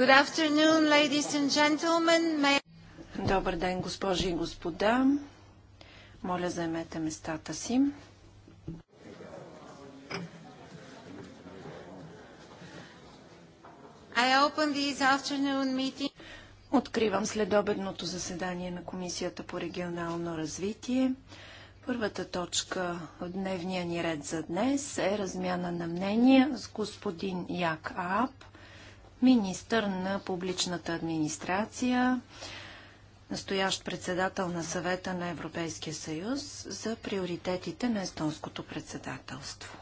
Good afternoon, ladies and gentlemen. May... Добър ден, госпожи и господа. Моля, заемете местата си. I open this afternoon meeting. Откривам следобедното заседание на Комисията по регионално развитие. Първата точка в дневния ни ред за днес е размяна на мнения с господин Як Аап – министър на публичната администрация, настоящ председател на съвета на Европейския съюз за приоритетите на естонското председателство.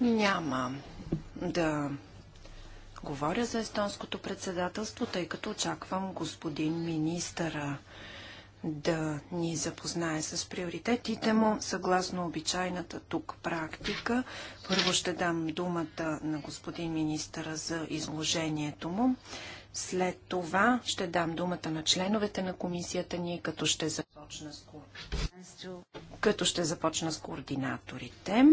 Няма да говоря за естонското председателство, тъй като очаквам господин министъра да ни запознае с приоритетите му, съгласно обичайната тук практика. Първо ще дам думата на господин министъра за изложението му. След това ще дам думата на членовете на комисията ни, като ще започна с, като ще започна с координаторите.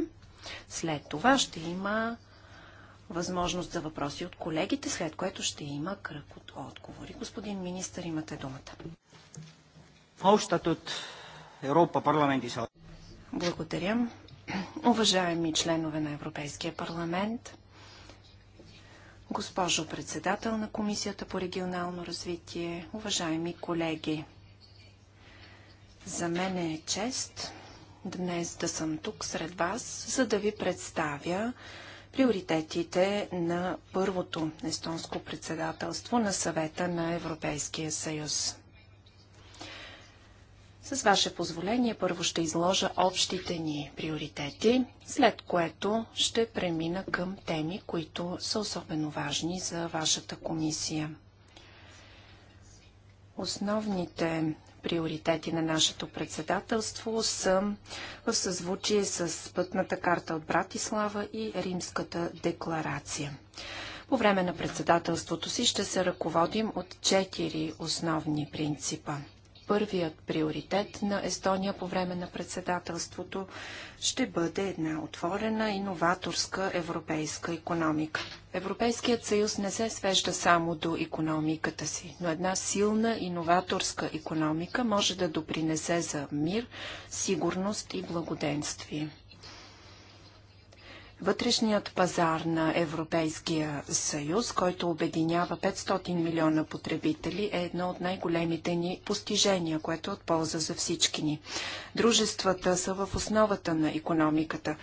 След това ще има възможност за въпроси от колегите, след което ще има кръг от отговори. Господин министър, имате думата. Austatud Благодаря. Уважаеми членове на Европейския парламент, госпожо председател на Комисията по регионално развитие, уважаеми колеги, за мен е чест днес да съм тук сред вас, за да ви представя приоритетите на първото естонско председателство на съвета на Европейския съюз. С ваше позволение първо ще изложа общите ни приоритети, след което ще премина към теми, които са особено важни за вашата комисия. Основните приоритети на нашето председателство са в съзвучие с пътната карта от Братислава и Римската декларация. По време на председателството си ще се ръководим от четири основни принципа – първият приоритет на Естония по време на председателството ще бъде една отворена, иноваторска европейска економика. Европейският съюз не се свежда само до економиката си, но една силна, иноваторска економика може да допринесе за мир, сигурност и благоденствие. Вътрешният пазар на Европейския съюз, който обединява 500 милиона потребители, е едно от най-големите ни постижения, което е от полза за всички ни. Дружествата са в основата на економиката.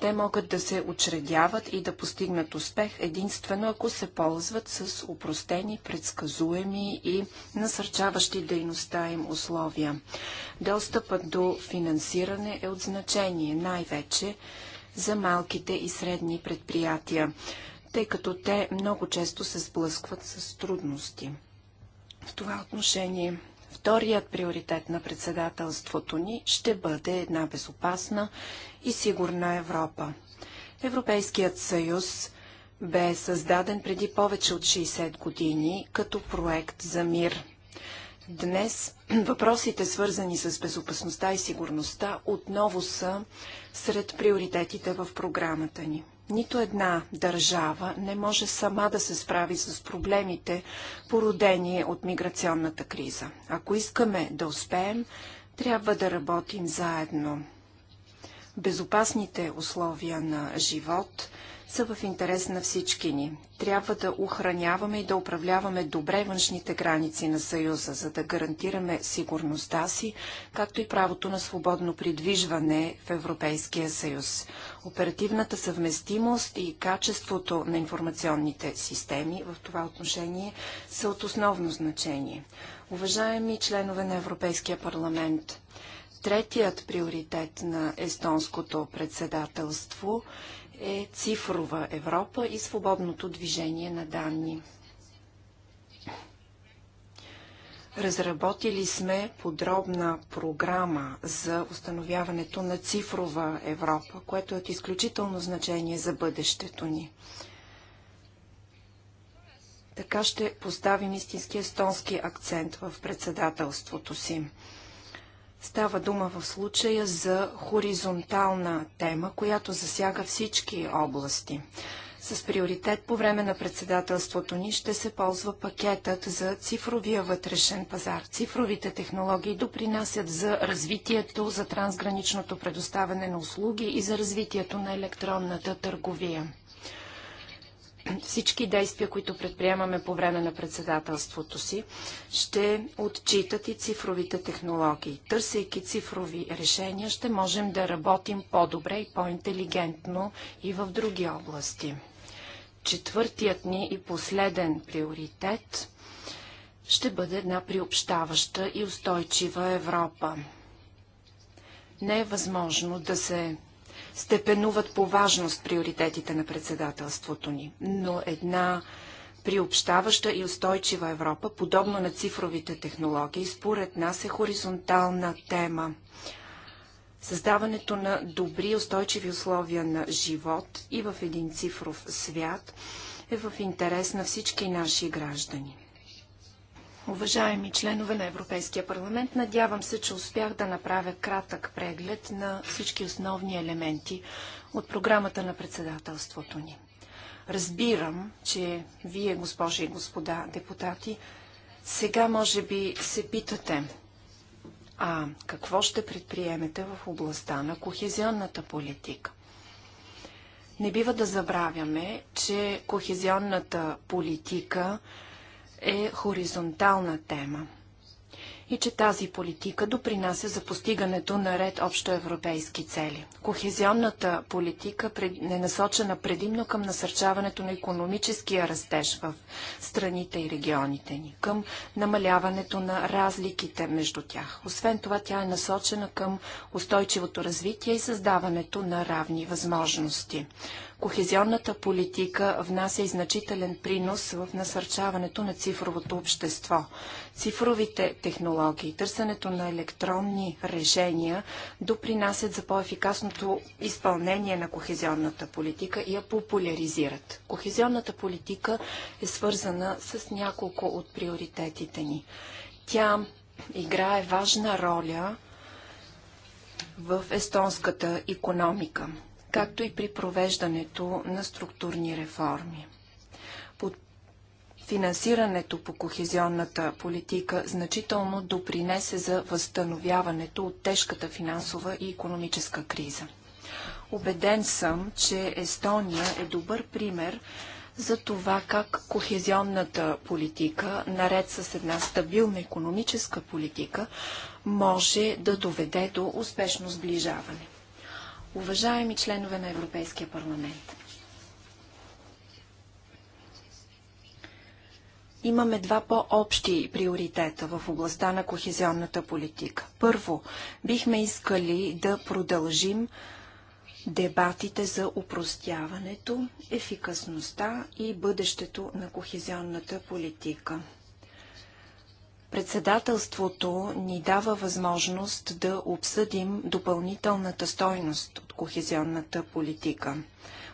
Те могат да се учредяват и да постигнат успех единствено ако се ползват с упростени, предсказуеми и насърчаващи дейността им условия. Достъпът до финансиране е от значение най-вече за малките и средни предприятия, тъй като те много често се сблъскват с трудности. В това отношение вторият приоритет на председателството ни ще бъде една безопасна и сигурна Европа. Европейският съюз бе създаден преди повече от 60 години като проект за мир – Днес въпросите, свързани с безопасността и сигурността, отново са сред приоритетите в програмата ни. Нито една държава не може сама да се справи с проблемите, породени от миграционната криза. Ако искаме да успеем, трябва да работим заедно. Безопасните условия на живот – са в интерес на всички ни. Трябва да охраняваме и да управляваме добре външните граници на Съюза, за да гарантираме сигурността си, както и правото на свободно придвижване в Европейския съюз. Оперативната съвместимост и качеството на информационните системи в това отношение са от основно значение. Уважаеми членове на Европейския парламент, третият приоритет на естонското председателство е е цифрова Европа и свободното движение на данни. Разработили сме подробна програма за установяването на цифрова Европа, което е от изключително значение за бъдещето ни. Така ще поставим истински естонски акцент в председателството си. Става дума в случая за хоризонтална тема, която засяга всички области. С приоритет по време на председателството ни ще се ползва пакетът за цифровия вътрешен пазар. Цифровите технологии допринасят за развитието, за трансграничното предоставяне на услуги и за развитието на електронната търговия всички действия, които предприемаме по време на председателството си, ще отчитат и цифровите технологии. Търсейки цифрови решения, ще можем да работим по-добре и по-интелигентно и в други области. Четвъртият ни и последен приоритет ще бъде една приобщаваща и устойчива Европа. Не е възможно да се степенуват по важност приоритетите на председателството ни. Но една приобщаваща и устойчива Европа, подобно на цифровите технологии, според нас е хоризонтална тема. Създаването на добри устойчиви условия на живот и в един цифров свят е в интерес на всички наши граждани. Уважаеми членове на Европейския парламент, надявам се, че успях да направя кратък преглед на всички основни елементи от програмата на председателството ни. Разбирам, че вие, госпожи и господа депутати, сега може би се питате, а какво ще предприемете в областта на кохезионната политика? Не бива да забравяме, че кохезионната политика – е хоризонтална тема и че тази политика допринася за постигането на ред общоевропейски цели. Кохезионната политика е насочена предимно към насърчаването на економическия растеж в страните и регионите ни, към намаляването на разликите между тях. Освен това, тя е насочена към устойчивото развитие и създаването на равни възможности. Кохезионната политика внася и значителен принос в насърчаването на цифровото общество. Цифровите технологии, търсенето на електронни решения допринасят за по-ефикасното изпълнение на кохезионната политика и я популяризират. Кохезионната политика е свързана с няколко от приоритетите ни. Тя играе важна роля в естонската економика както и при провеждането на структурни реформи. Под финансирането по кохезионната политика значително допринесе за възстановяването от тежката финансова и економическа криза. Обеден съм, че Естония е добър пример за това как кохезионната политика, наред с една стабилна економическа политика, може да доведе до успешно сближаване. Уважаеми членове на Европейския парламент, имаме два по-общи приоритета в областта на кохезионната политика. Първо, бихме искали да продължим дебатите за упростяването, ефикасността и бъдещето на кохезионната политика. Председателството ни дава възможност да обсъдим допълнителната стойност от кохезионната политика.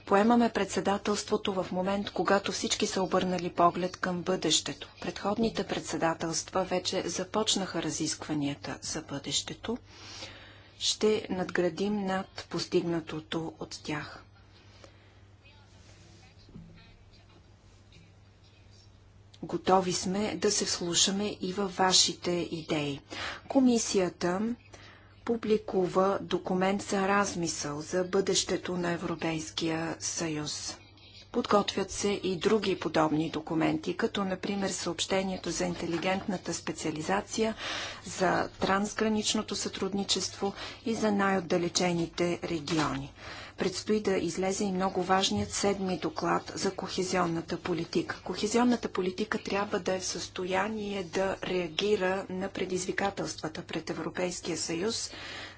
Поемаме председателството в момент, когато всички са обърнали поглед към бъдещето. Предходните председателства вече започнаха разискванията за бъдещето. Ще надградим над постигнатото от тях. Готови сме да се вслушаме и във вашите идеи. Комисията публикува документ за размисъл за бъдещето на Европейския съюз. Подготвят се и други подобни документи, като например съобщението за интелигентната специализация, за трансграничното сътрудничество и за най-отдалечените региони. Предстои да излезе и много важният седми доклад за кохезионната политика. Кохезионната политика трябва да е в състояние да реагира на предизвикателствата пред Европейския съюз,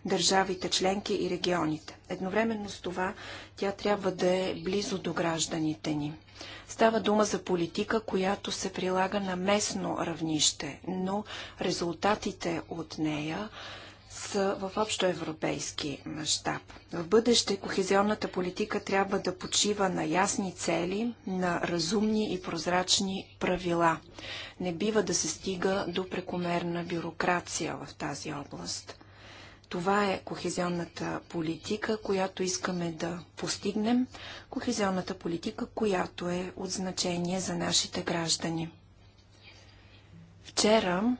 държавите членки и регионите. Едновременно с това тя трябва да е близо до гражданите ни. Става дума за политика, която се прилага на местно равнище, но резултатите от нея са в общоевропейски мащаб. В бъдеще кохезионната политика трябва да почива на ясни цели, на разумни и прозрачни правила. Не бива да се стига до прекомерна бюрокрация в тази област. Това е кохезионната политика, която искаме да постигнем, кохезионната политика, която е от значение за нашите граждани. Вчера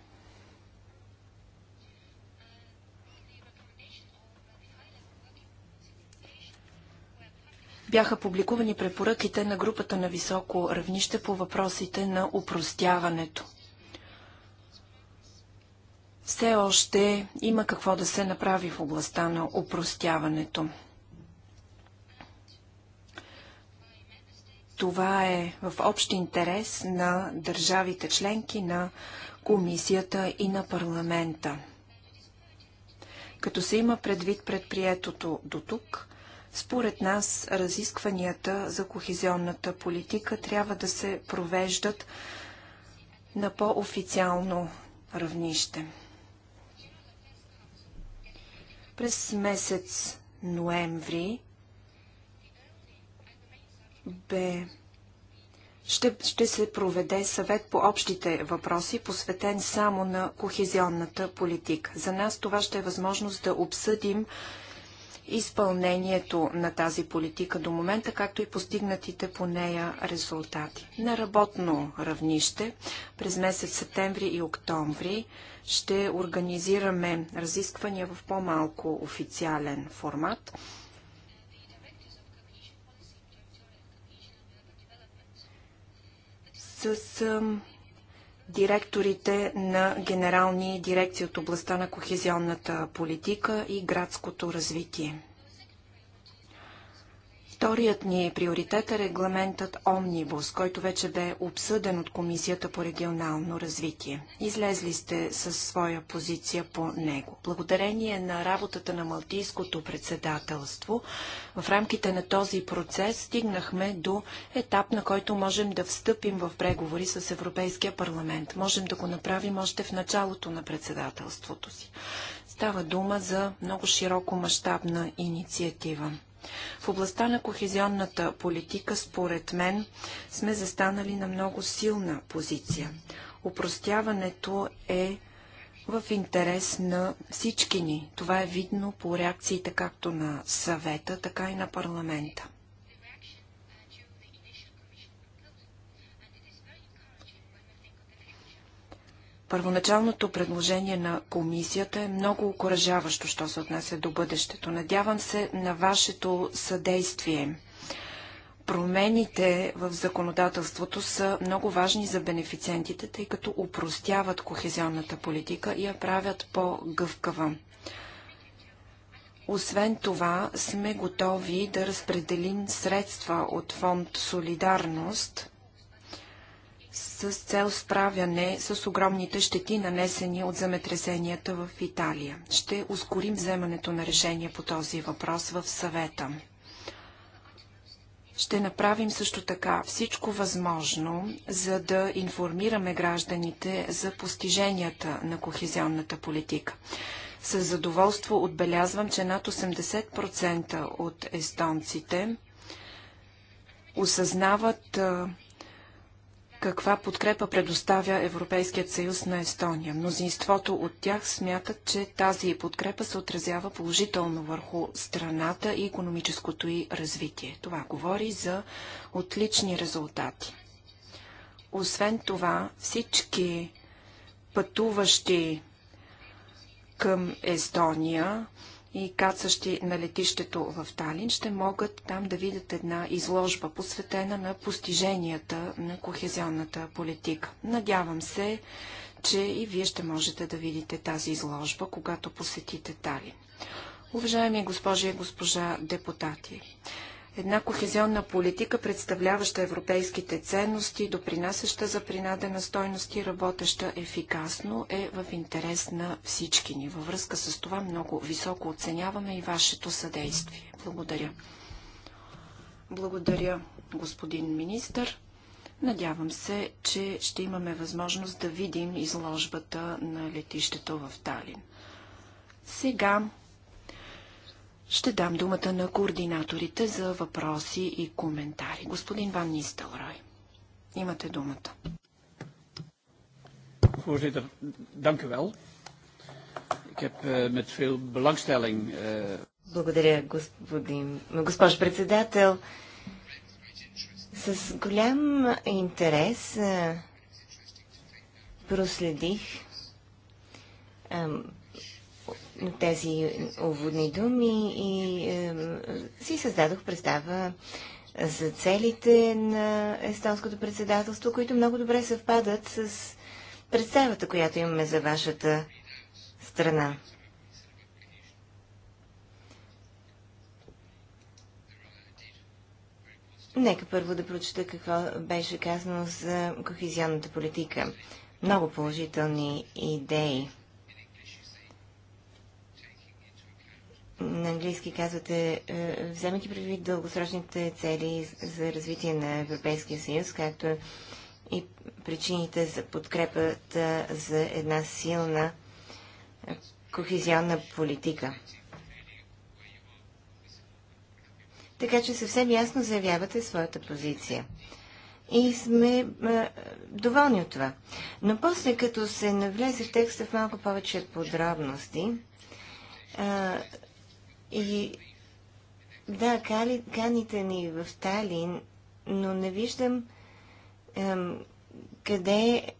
бяха публикувани препоръките на групата на високо равнище по въпросите на упростяването. Все още има какво да се направи в областта на упростяването. Това е в общ интерес на държавите членки на комисията и на парламента. Като се има предвид предприетото до тук, според нас, разискванията за кохезионната политика трябва да се провеждат на по-официално равнище. През месец ноември бе ще, ще се проведе съвет по общите въпроси, посветен само на кохезионната политика. За нас това ще е възможност да обсъдим изпълнението на тази политика до момента, както и постигнатите по нея резултати. На работно равнище през месец септември и октомври ще организираме разисквания в по-малко официален формат. С директорите на генерални дирекции от областта на кохезионната политика и градското развитие. Вторият ни приоритет е регламентът Омнибус, който вече бе обсъден от Комисията по регионално развитие. Излезли сте със своя позиция по него. Благодарение на работата на Малтийското председателство, в рамките на този процес стигнахме до етап, на който можем да встъпим в преговори с Европейския парламент. Можем да го направим още в началото на председателството си. Става дума за много широко мащабна инициатива. В областта на кохезионната политика, според мен, сме застанали на много силна позиция. Опростяването е в интерес на всички ни. Това е видно по реакциите както на съвета, така и на парламента. Първоначалното предложение на комисията е много окоръжаващо, що се отнася до бъдещето. Надявам се на вашето съдействие. Промените в законодателството са много важни за бенефициентите, тъй като упростяват кохезионната политика и я правят по-гъвкава. Освен това, сме готови да разпределим средства от фонд Солидарност – с цел справяне с огромните щети, нанесени от земетресенията в Италия. Ще ускорим вземането на решение по този въпрос в съвета. Ще направим също така всичко възможно, за да информираме гражданите за постиженията на кохезионната политика. С задоволство отбелязвам, че над 80% от естонците осъзнават каква подкрепа предоставя Европейският съюз на Естония. Мнозинството от тях смятат, че тази подкрепа се отразява положително върху страната и економическото й развитие. Това говори за отлични резултати. Освен това, всички пътуващи към Естония и кацащи на летището в Талин ще могат там да видят една изложба, посветена на постиженията на кохезионната политика. Надявам се, че и вие ще можете да видите тази изложба, когато посетите Талин. Уважаеми госпожи и госпожа депутати, Една кохезионна политика, представляваща европейските ценности, допринасяща за принадена стойност и работеща ефикасно, е в интерес на всички ни. Във връзка с това много високо оценяваме и вашето съдействие. Благодаря. Благодаря, господин министър. Надявам се, че ще имаме възможност да видим изложбата на летището в Талин. Сега ще дам думата на координаторите за въпроси и коментари. Господин Ван Нистелрой, имате думата. Voorzitter, dank u wel. Ik heb uh, met veel belangstelling. Uh... Благодаря, господин, госпожо председател. С голям интерес uh, проследих uh, тези уводни думи и е, си създадох представа за целите на естонското председателство, които много добре съвпадат с представата, която имаме за вашата страна. Нека първо да прочета какво беше казано за кохезионната политика. Много положителни идеи. на английски казвате, е, вземайки предвид дългосрочните цели за развитие на Европейския съюз, както и причините за подкрепата за една силна кохезионна политика. Така че съвсем ясно заявявате своята позиция. И сме а, е, доволни от това. Но после, като се навлезе в текста в малко повече подробности, а, е, и да, кали, каните ни в Талин, но не виждам ем, къде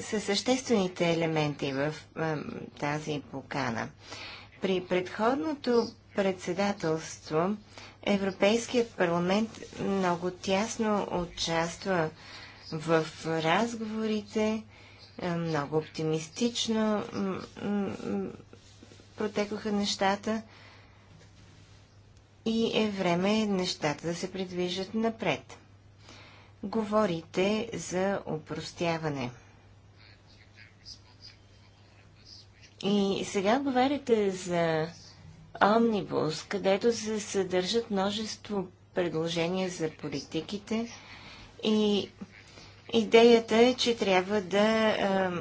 са съществените елементи в ем, тази покана. При предходното председателство Европейският парламент много тясно участва в разговорите, много оптимистично протекоха нещата и е време нещата да се придвижат напред. Говорите за упростяване. И сега говорите за Омнибус, където се съдържат множество предложения за политиките и идеята е, че трябва да а,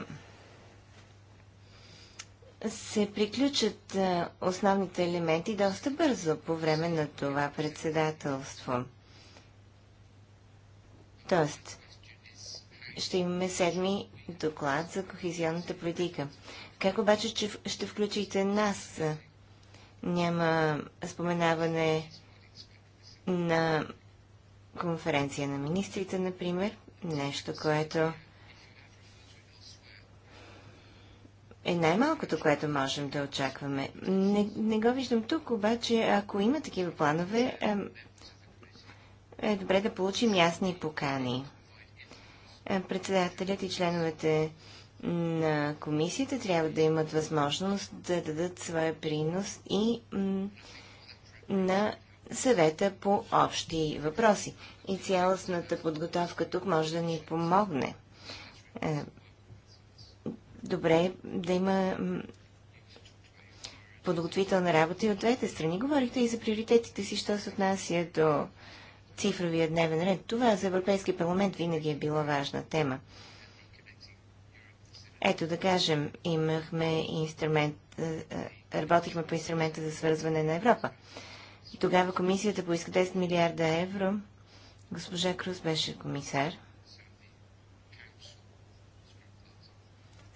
се приключат основните елементи доста бързо по време на това председателство. Тоест, ще имаме седми доклад за кохезионната политика. Как обаче че ще включите нас? Няма споменаване на конференция на министрите, например, нещо, което е най-малкото, което можем да очакваме. Не, не го виждам тук, обаче ако има такива планове, е, е добре да получим ясни покани. Е, председателят и членовете на комисията трябва да имат възможност да дадат своя принос и на съвета по общи въпроси. И цялостната подготовка тук може да ни помогне. Е, добре да има подготвителна работа и от двете страни. Говорихте и за приоритетите си, що се отнася до цифровия дневен ред. Това за Европейски парламент винаги е била важна тема. Ето да кажем, имахме инструмент, е, е, работихме по инструмента за свързване на Европа. И тогава комисията поиска 10 милиарда евро. Госпожа Круз беше комисар.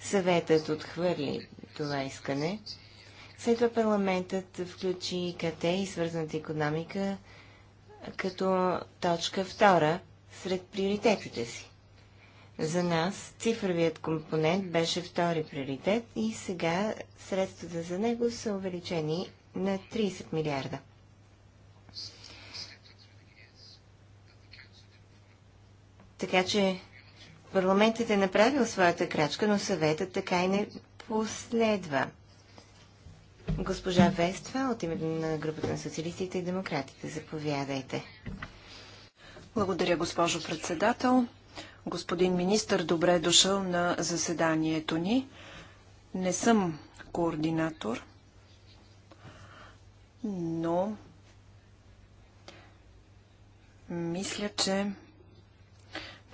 Съветът отхвърли това искане. След това парламентът включи КТ и свързаната економика като точка втора сред приоритетите си. За нас цифровият компонент беше втори приоритет и сега средствата за него са увеличени на 30 милиарда. Така че Парламентът е направил своята крачка, но съветът така и не последва. Госпожа Вества от името на групата на социалистите и демократите. Заповядайте. Благодаря, госпожо председател. Господин министр, добре е дошъл на заседанието ни. Не съм координатор, но мисля, че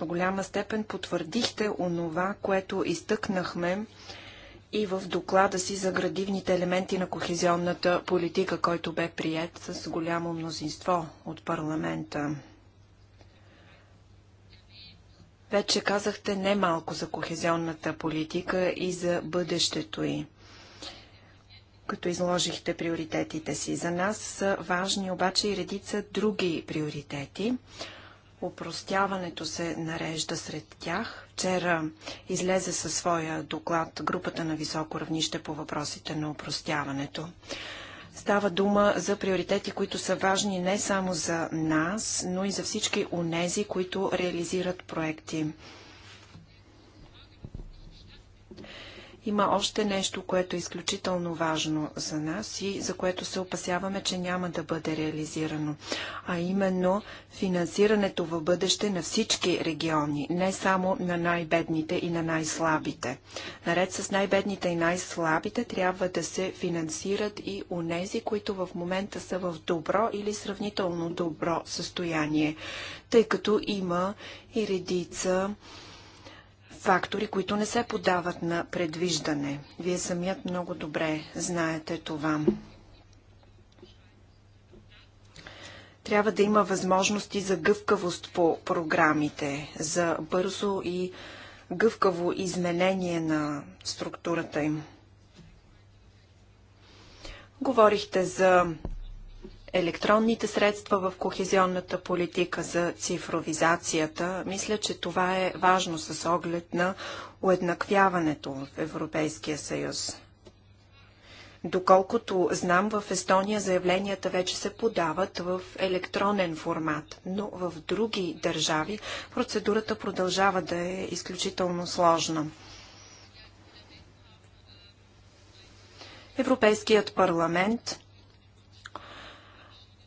в голяма степен потвърдихте онова, което изтъкнахме и в доклада си за градивните елементи на кохезионната политика, който бе прият с голямо мнозинство от парламента. Вече казахте немалко за кохезионната политика и за бъдещето й като изложихте приоритетите си. За нас са важни обаче и редица други приоритети. Опростяването се нарежда сред тях. Вчера излезе със своя доклад групата на високо равнище по въпросите на опростяването. Става дума за приоритети, които са важни не само за нас, но и за всички онези, които реализират проекти. Има още нещо, което е изключително важно за нас и за което се опасяваме, че няма да бъде реализирано, а именно финансирането в бъдеще на всички региони, не само на най-бедните и на най-слабите. Наред с най-бедните и най-слабите трябва да се финансират и унези, които в момента са в добро или сравнително добро състояние, тъй като има и редица фактори, които не се подават на предвиждане. Вие самият много добре знаете това. Трябва да има възможности за гъвкавост по програмите, за бързо и гъвкаво изменение на структурата им. Говорихте за електронните средства в кохезионната политика за цифровизацията. Мисля, че това е важно с оглед на уеднаквяването в Европейския съюз. Доколкото знам, в Естония заявленията вече се подават в електронен формат, но в други държави процедурата продължава да е изключително сложна. Европейският парламент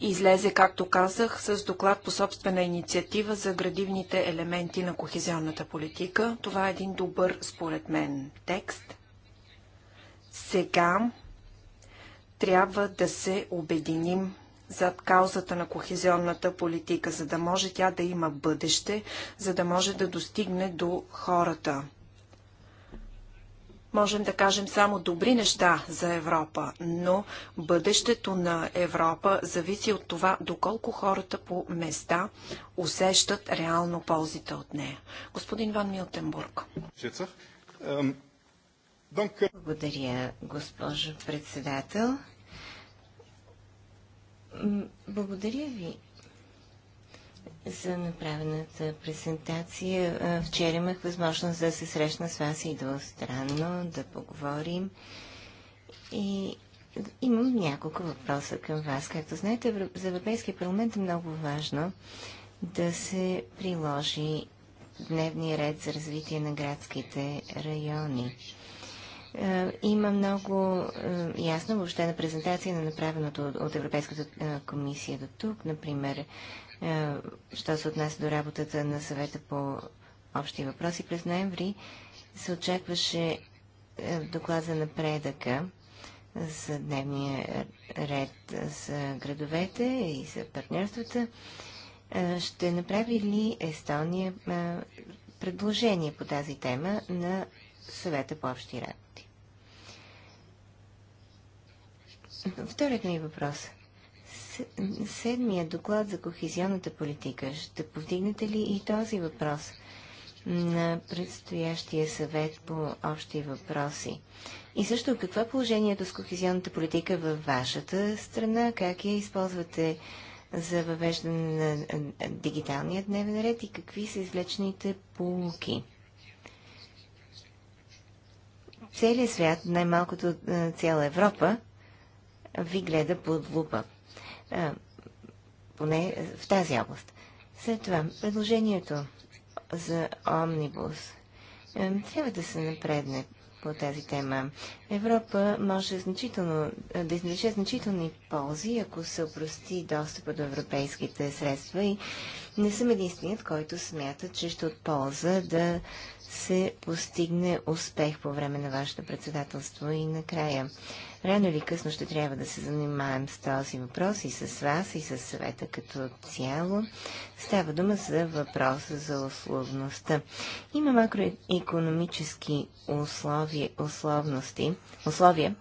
излезе, както казах, с доклад по собствена инициатива за градивните елементи на кохезионната политика. Това е един добър, според мен, текст. Сега трябва да се обединим зад каузата на кохезионната политика, за да може тя да има бъдеще, за да може да достигне до хората можем да кажем само добри неща за Европа, но бъдещето на Европа зависи от това, доколко хората по места усещат реално ползите от нея. Господин Ван Милтенбург. Благодаря, госпожо председател. Благодаря ви за направената презентация. Вчера имах възможност да се срещна с вас и странно, да поговорим. И имам няколко въпроса към вас. Както знаете, за Европейския парламент е много важно да се приложи дневния ред за развитие на градските райони. Има много ясно, въобще на презентация на направеното от Европейската комисия до тук, например е, що се отнася до работата на съвета по общи въпроси през ноември, се очакваше е, доклад за напредъка за дневния ред за градовете и за партньорствата. Е, ще направи ли Естония предложение по тази тема на съвета по общи работи? Вторият ми въпрос – седмия доклад за кохезионната политика. Ще повдигнете ли и този въпрос на предстоящия съвет по общи въпроси? И също, какво е положението с кохезионната политика във вашата страна? Как я използвате за въвеждане на дигиталния дневен ред и какви са извлечените полуки? Целият свят, най-малкото цяла Европа, ви гледа под лупа поне в тази област. След това, предложението за омнибус е, трябва да се напредне по тази тема. Европа може значително, е, да извлече значителни ползи, ако се опрости достъпа до европейските средства и не съм единственият, който смята, че ще от полза да се постигне успех по време на вашето председателство и накрая. Рано или късно ще трябва да се занимаем с този въпрос и с вас, и с съвета като цяло. Става дума за въпроса за условността. Има макроекономически условия, условности, условия.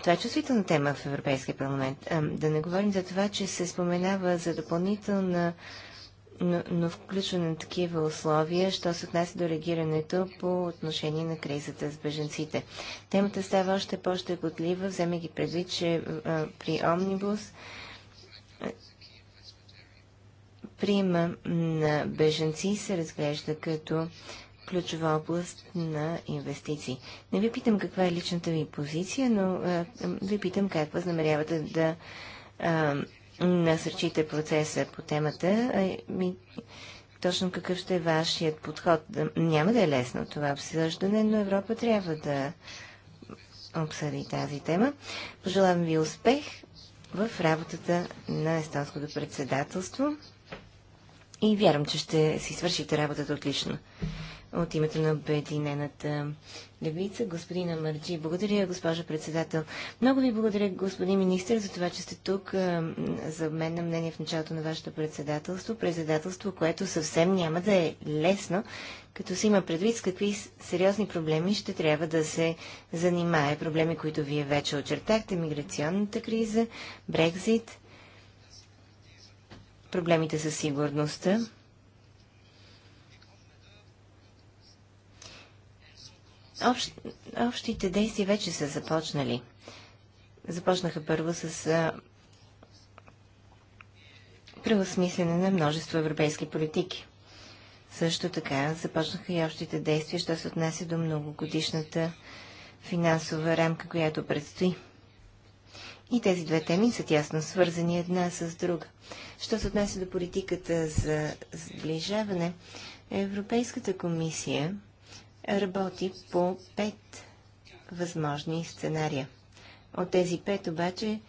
Това е чувствителна тема в Европейския парламент. Да не говорим за това, че се споменава за допълнителна но, но включване на такива условия, що се отнася до реагирането по отношение на кризата с беженците. Темата става още по щепотлива вземе ги предвид, че а, при Омнибус а, приема на беженци се разглежда като ключова област на инвестиции. Не ви питам каква е личната ви позиция, но а, ви питам как възнамерявате да а, насърчите процеса по темата. Ми, точно какъв ще е вашият подход? Няма да е лесно това обсъждане, но Европа трябва да обсъди тази тема. Пожелавам ви успех в работата на естонското председателство и вярвам, че ще си свършите работата отлично от името на Обединената левица, господина Марджи. Благодаря, госпожа председател. Много ви благодаря, господин министр, за това, че сте тук за мен на мнение в началото на вашето председателство. Председателство, което съвсем няма да е лесно, като се има предвид с какви сериозни проблеми ще трябва да се занимае. Проблеми, които вие вече очертахте, миграционната криза, Брекзит, проблемите със сигурността. Общ, общите действия вече са започнали. Започнаха първо с а, преосмислене на множество европейски политики. Също така започнаха и общите действия, що се отнася до многогодишната финансова рамка, която предстои. И тези две теми са тясно свързани една с друга. Що се отнася до политиката за сближаване, Европейската комисия работи по пет възможни сценария. От тези пет обаче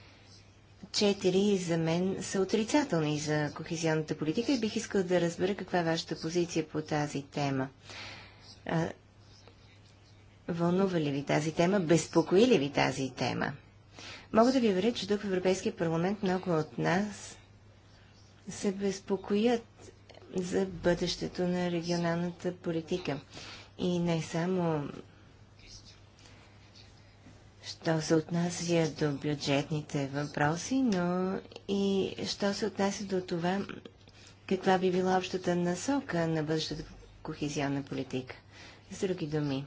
четири за мен са отрицателни за кохезионната политика и бих искал да разбера каква е вашата позиция по тази тема. вълнува ли ви тази тема? Безпокои ли ви тази тема? Мога да ви уверя, че тук в Европейския парламент много от нас се безпокоят за бъдещето на регионалната политика. И не само що се отнася до бюджетните въпроси, но и що се отнася до това, каква би била общата насока на бъдещата кохезионна политика. С други думи,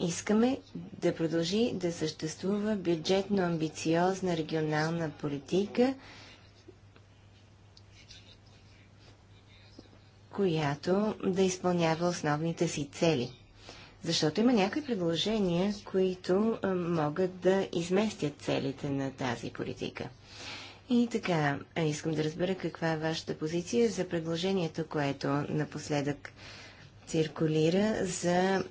искаме да продължи да съществува бюджетно амбициозна регионална политика – която да изпълнява основните си цели. Защото има някои предложения, които могат да изместят целите на тази политика. И така, искам да разбера каква е вашата позиция за предложението, което напоследък циркулира за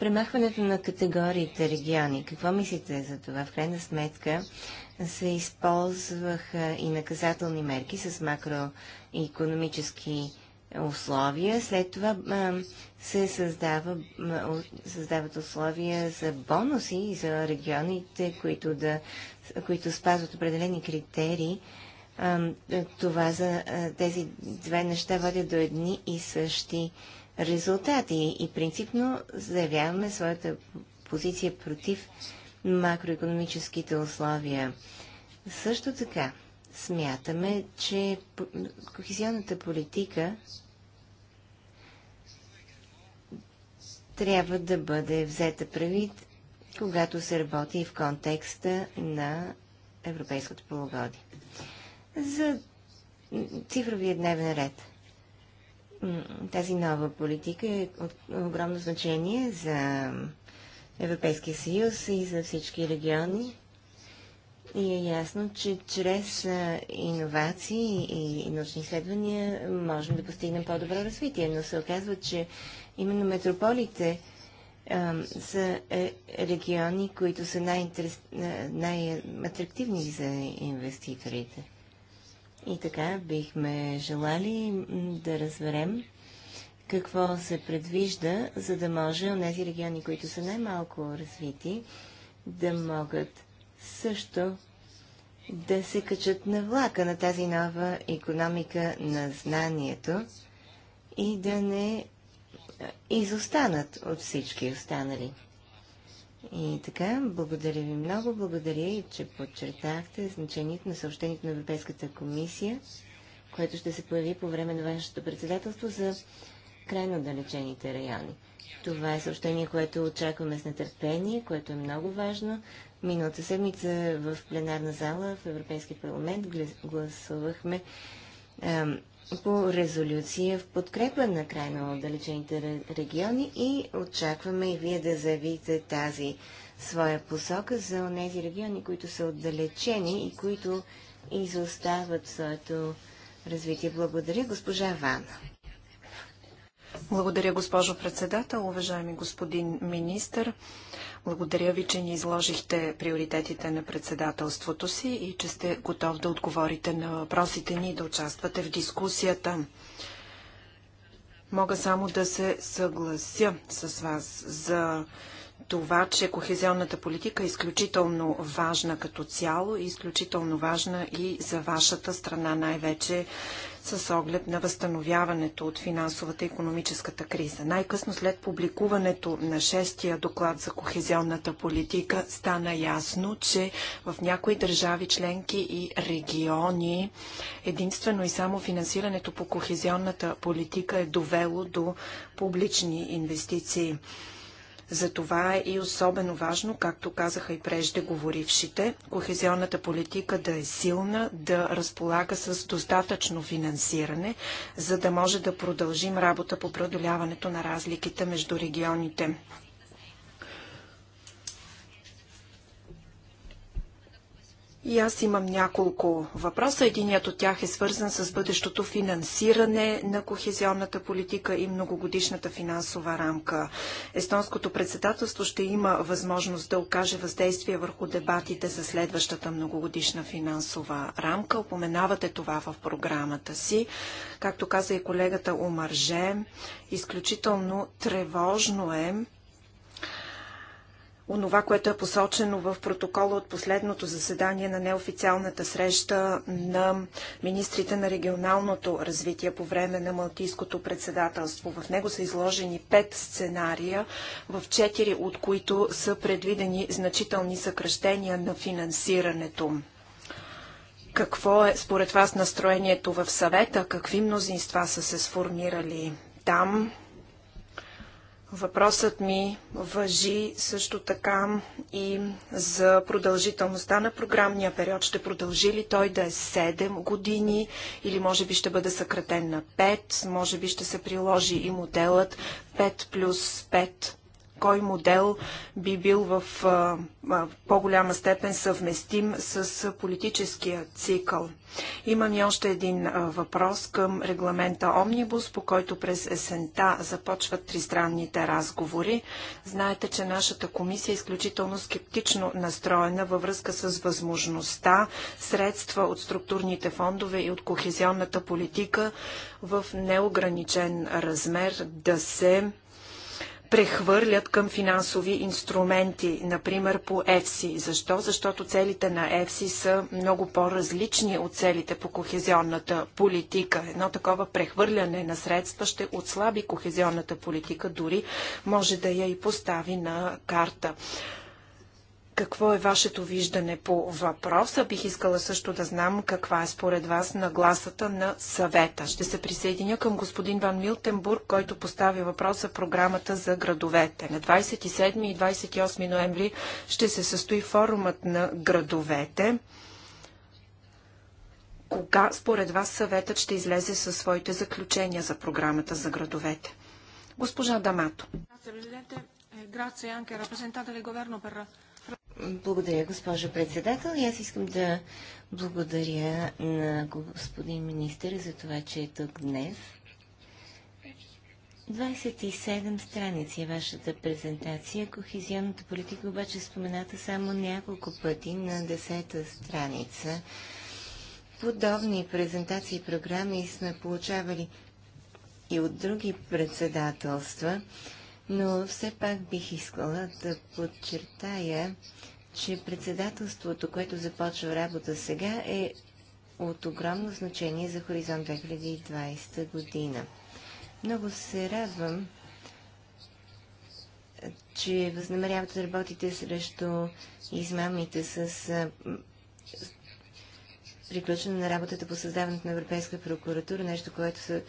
премахването на категориите региони. Какво мислите за това? В крайна сметка, се използваха и наказателни мерки с макроекономически условия. След това се създава, създават условия за бонуси и за регионите, които, да, които спазват определени критерии. това за тези две неща водят до едни и същи резултати. И принципно заявяваме своята позиция против макроекономическите условия. Също така, смятаме, че кохезионната политика трябва да бъде взета правит, когато се работи и в контекста на европейското полугоди. За цифровия дневен ред. Тази нова политика е от огромно значение за Европейския съюз и за всички региони. И е ясно, че чрез иновации и научни изследвания можем да постигнем по-добро развитие, но се оказва, че именно метрополите а, са е, региони, които са най-атрактивни най за инвеститорите. И така бихме желали да разберем какво се предвижда, за да може от тези региони, които са най-малко развити, да могат също да се качат на влака на тази нова економика на знанието и да не изостанат от всички останали. И така, благодаря ви много, благодаря и, че подчертахте значението на съобщението на Европейската комисия, което ще се появи по време на вашето председателство за крайно отдалечените райони. Това е съобщение, което очакваме с нетърпение, което е много важно. Миналата седмица в пленарна зала в Европейския парламент гласувахме по резолюция в подкрепа на крайно отдалечените региони и очакваме и вие да заявите тази своя посока за тези региони, които са отдалечени и които изостават своето развитие. Благодаря, госпожа Вана. Благодаря, госпожо председател, уважаеми господин министр. Благодаря ви, че ни изложихте приоритетите на председателството си и че сте готов да отговорите на въпросите ни и да участвате в дискусията. Мога само да се съглася с вас за това, че кохезионната политика е изключително важна като цяло и изключително важна и за вашата страна, най-вече с оглед на възстановяването от финансовата и економическата криза. Най-късно след публикуването на шестия доклад за кохезионната политика стана ясно, че в някои държави членки и региони единствено и само финансирането по кохезионната политика е довело до публични инвестиции. Затова е и особено важно, както казаха и преждеговорившите, кохезионната политика да е силна, да разполага с достатъчно финансиране, за да може да продължим работа по преодоляването на разликите между регионите. И аз имам няколко въпроса. Единият от тях е свързан с бъдещото финансиране на кохезионната политика и многогодишната финансова рамка. Естонското председателство ще има възможност да окаже въздействие върху дебатите за следващата многогодишна финансова рамка. Опоменавате това в програмата си. Както каза и колегата Омарже, изключително тревожно е, онова, което е посочено в протокола от последното заседание на неофициалната среща на министрите на регионалното развитие по време на Малтийското председателство. В него са изложени пет сценария, в четири от които са предвидени значителни съкръщения на финансирането. Какво е според вас настроението в съвета? Какви мнозинства са се сформирали там? Въпросът ми въжи също така и за продължителността на програмния период. Ще продължи ли той да е 7 години или може би ще бъде съкратен на 5, може би ще се приложи и моделът 5 плюс 5 кой модел би бил в по-голяма степен съвместим с политическия цикъл. Имам и още един въпрос към регламента Омнибус, по който през есента започват тристранните разговори. Знаете, че нашата комисия е изключително скептично настроена във връзка с възможността средства от структурните фондове и от кохезионната политика в неограничен размер да се прехвърлят към финансови инструменти, например по ЕФСИ. Защо? Защото целите на ЕФСИ са много по-различни от целите по кохезионната политика. Едно такова прехвърляне на средства ще отслаби кохезионната политика, дори може да я и постави на карта. Какво е вашето виждане по въпроса? Бих искала също да знам каква е според вас нагласата на съвета. Ще се присъединя към господин Ван Милтенбург, който постави въпрос за програмата за градовете. На 27 и 28 ноември ще се състои форумът на градовете. Кога според вас съветът ще излезе със своите заключения за програмата за градовете? Госпожа Дамато. grazie anche al rappresentante del governo per благодаря, госпожо председател. И аз искам да благодаря на господин министър за това, че е тук днес. 27 страници е вашата презентация. Кохезионната политика обаче е спомената само няколко пъти на 10-та страница. Подобни презентации и програми сме получавали и от други председателства но все пак бих искала да подчертая, че председателството, което започва работа сега, е от огромно значение за Хоризонт 2020 година. Много се радвам, че възнамерявате да работите срещу измамите с приключване на работата по създаването на Европейска прокуратура, нещо, което са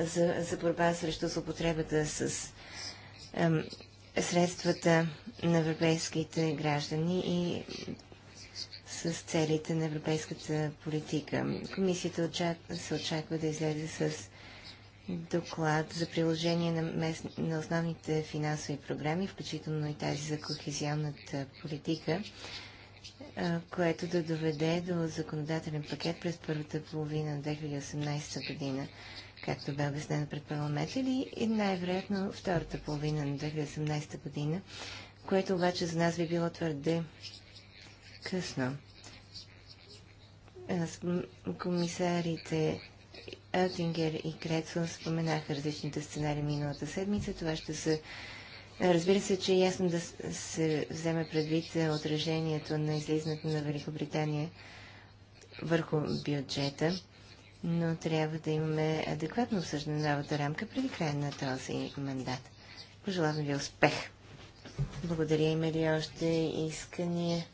за, за борба срещу злопотребата с средствата на европейските граждани и с целите на европейската политика. Комисията се очаква да излезе с доклад за приложение на, мест... на основните финансови програми, включително и тази за кохезионната политика, което да доведе до законодателен пакет през първата половина на 2018 година както бе обяснено пред парламент, или най-вероятно втората половина на 2018 година, което обаче за нас би било твърде късно. Комисарите Елтингер и Крецо споменаха различните сценари миналата седмица. Това ще се... Разбира се, че е ясно да се вземе предвид отражението на излизането на Великобритания върху бюджета но трябва да имаме адекватно обсъждане на новата рамка преди края на този мандат. Пожелавам ви успех! Благодаря. Има ли още искания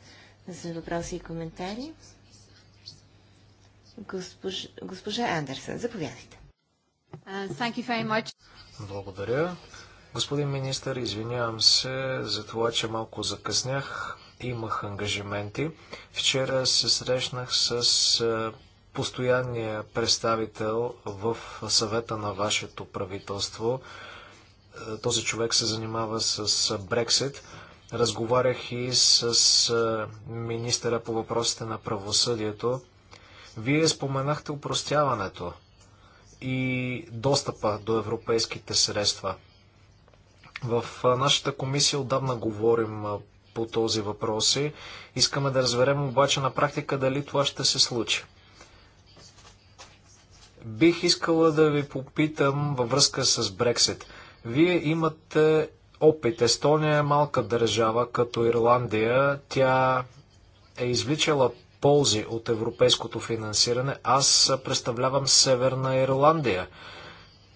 за въпроси и коментари? Госпож... Госпожа Андерсън, заповядайте. Uh, Благодаря. Господин министър, извинявам се за това, че малко закъснях. Имах ангажименти. Вчера се срещнах с постоянния представител в съвета на вашето правителство. Е, този човек се занимава с Брексит. Разговарях и с е, министъра по въпросите на правосъдието. Вие споменахте упростяването и достъпа до европейските средства. В е, нашата комисия отдавна говорим по този въпрос. Искаме да разберем обаче на практика дали това ще се случи. Бих искала да ви попитам във връзка с Брексит. Вие имате опит. Естония е малка държава, като Ирландия. Тя е извличала ползи от европейското финансиране. Аз представлявам Северна Ирландия.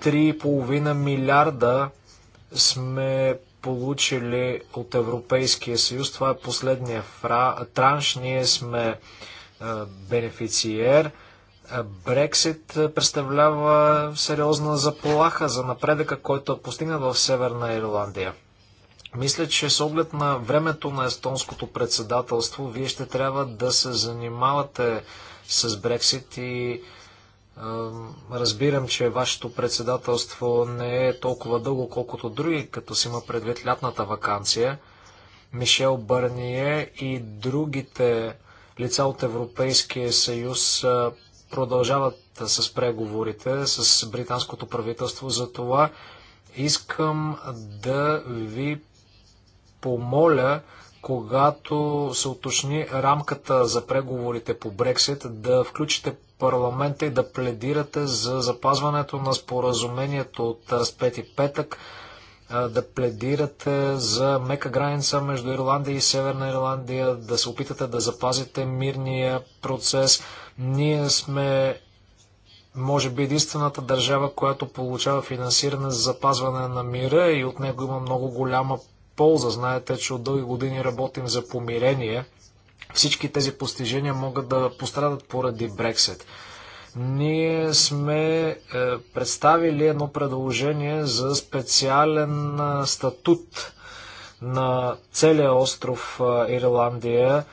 3,5 милиарда сме получили от Европейския съюз. Това е последния фра... транш. Ние сме е, бенефициер. Брексит представлява сериозна заплаха за напредъка, който е постигнат в Северна Ирландия. Мисля, че с оглед на времето на естонското председателство, вие ще трябва да се занимавате с Брексит и е, разбирам, че вашето председателство не е толкова дълго, колкото други, като си има предвид лятната вакансия. Мишел Бърние и другите лица от Европейския съюз продължават с преговорите с британското правителство. За това искам да ви помоля, когато се уточни рамката за преговорите по Брексит, да включите парламента и да пледирате за запазването на споразумението от разпети петък, да пледирате за мека граница между Ирландия и Северна Ирландия, да се опитате да запазите мирния процес, ние сме може би единствената държава, която получава финансиране за запазване на мира и от него има много голяма полза. Знаете, че от дълги години работим за помирение. Всички тези постижения могат да пострадат поради Брексит. Ние сме е, представили едно предложение за специален е, статут на целия остров е, Ирландия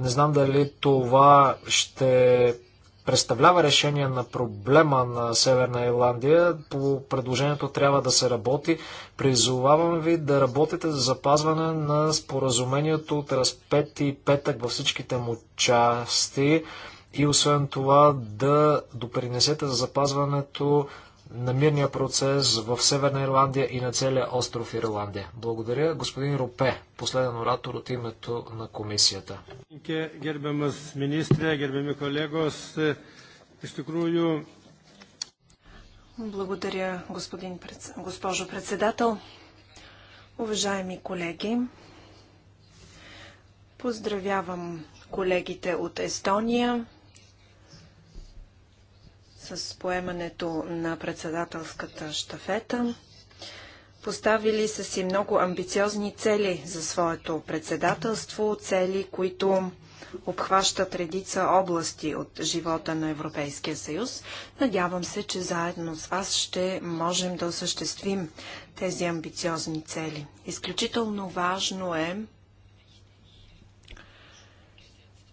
не знам дали това ще представлява решение на проблема на Северна Ирландия. По предложението трябва да се работи. Призовавам ви да работите за запазване на споразумението от разпет и петък във всичките му части и освен това да допринесете за запазването на мирния процес в Северна Ирландия и на целия остров Ирландия. Благодаря, господин Рупе, последен оратор от името на комисията. Е, Благодаря, господин, госпожо председател. Уважаеми колеги, поздравявам колегите от Естония, с поемането на председателската щафета. Поставили са си много амбициозни цели за своето председателство, цели, които обхващат редица области от живота на Европейския съюз. Надявам се, че заедно с вас ще можем да осъществим тези амбициозни цели. Изключително важно е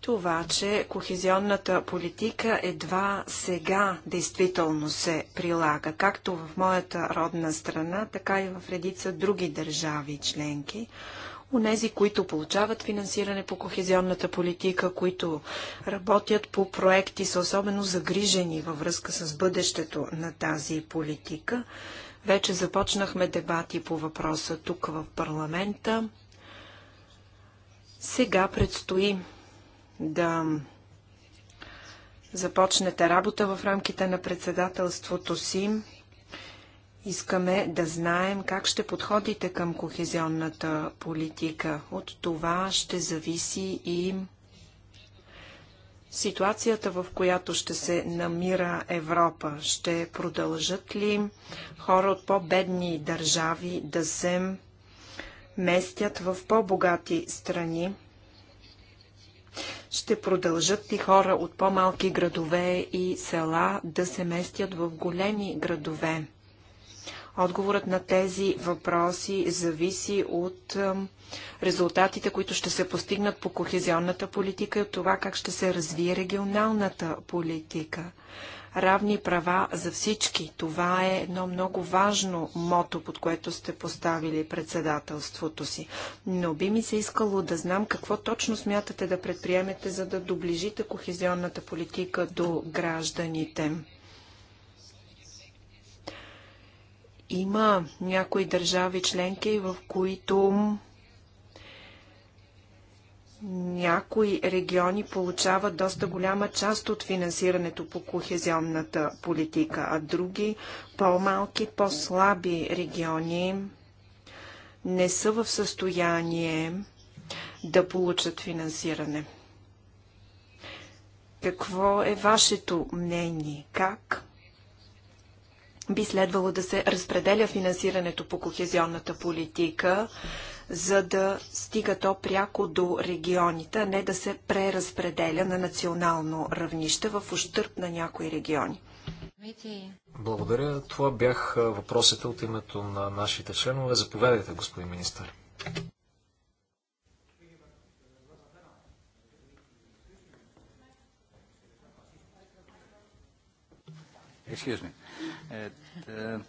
това, че кохезионната политика едва сега действително се прилага, както в моята родна страна, така и в редица други държави членки. Унези, които получават финансиране по кохезионната политика, които работят по проекти, са особено загрижени във връзка с бъдещето на тази политика. Вече започнахме дебати по въпроса тук в парламента. Сега предстои да започнете работа в рамките на председателството си. Искаме да знаем как ще подходите към кохезионната политика. От това ще зависи и ситуацията, в която ще се намира Европа. Ще продължат ли хора от по-бедни държави да се местят в по-богати страни? Ще продължат и хора от по-малки градове и села да се местят в големи градове. Отговорът на тези въпроси зависи от резултатите, които ще се постигнат по кохезионната политика и от това как ще се развие регионалната политика равни права за всички. Това е едно много важно мото, под което сте поставили председателството си. Но би ми се искало да знам какво точно смятате да предприемете, за да доближите кохезионната политика до гражданите. Има някои държави членки, в които някои региони получават доста голяма част от финансирането по кохезионната политика, а други по-малки, по-слаби региони не са в състояние да получат финансиране. Какво е вашето мнение? Как би следвало да се разпределя финансирането по кохезионната политика? за да стига то пряко до регионите, а не да се преразпределя на национално равнище в ущърп на някои региони. Благодаря. Това бях въпросите от името на нашите членове. Заповядайте, господин министър. Excuse me. Uh, uh...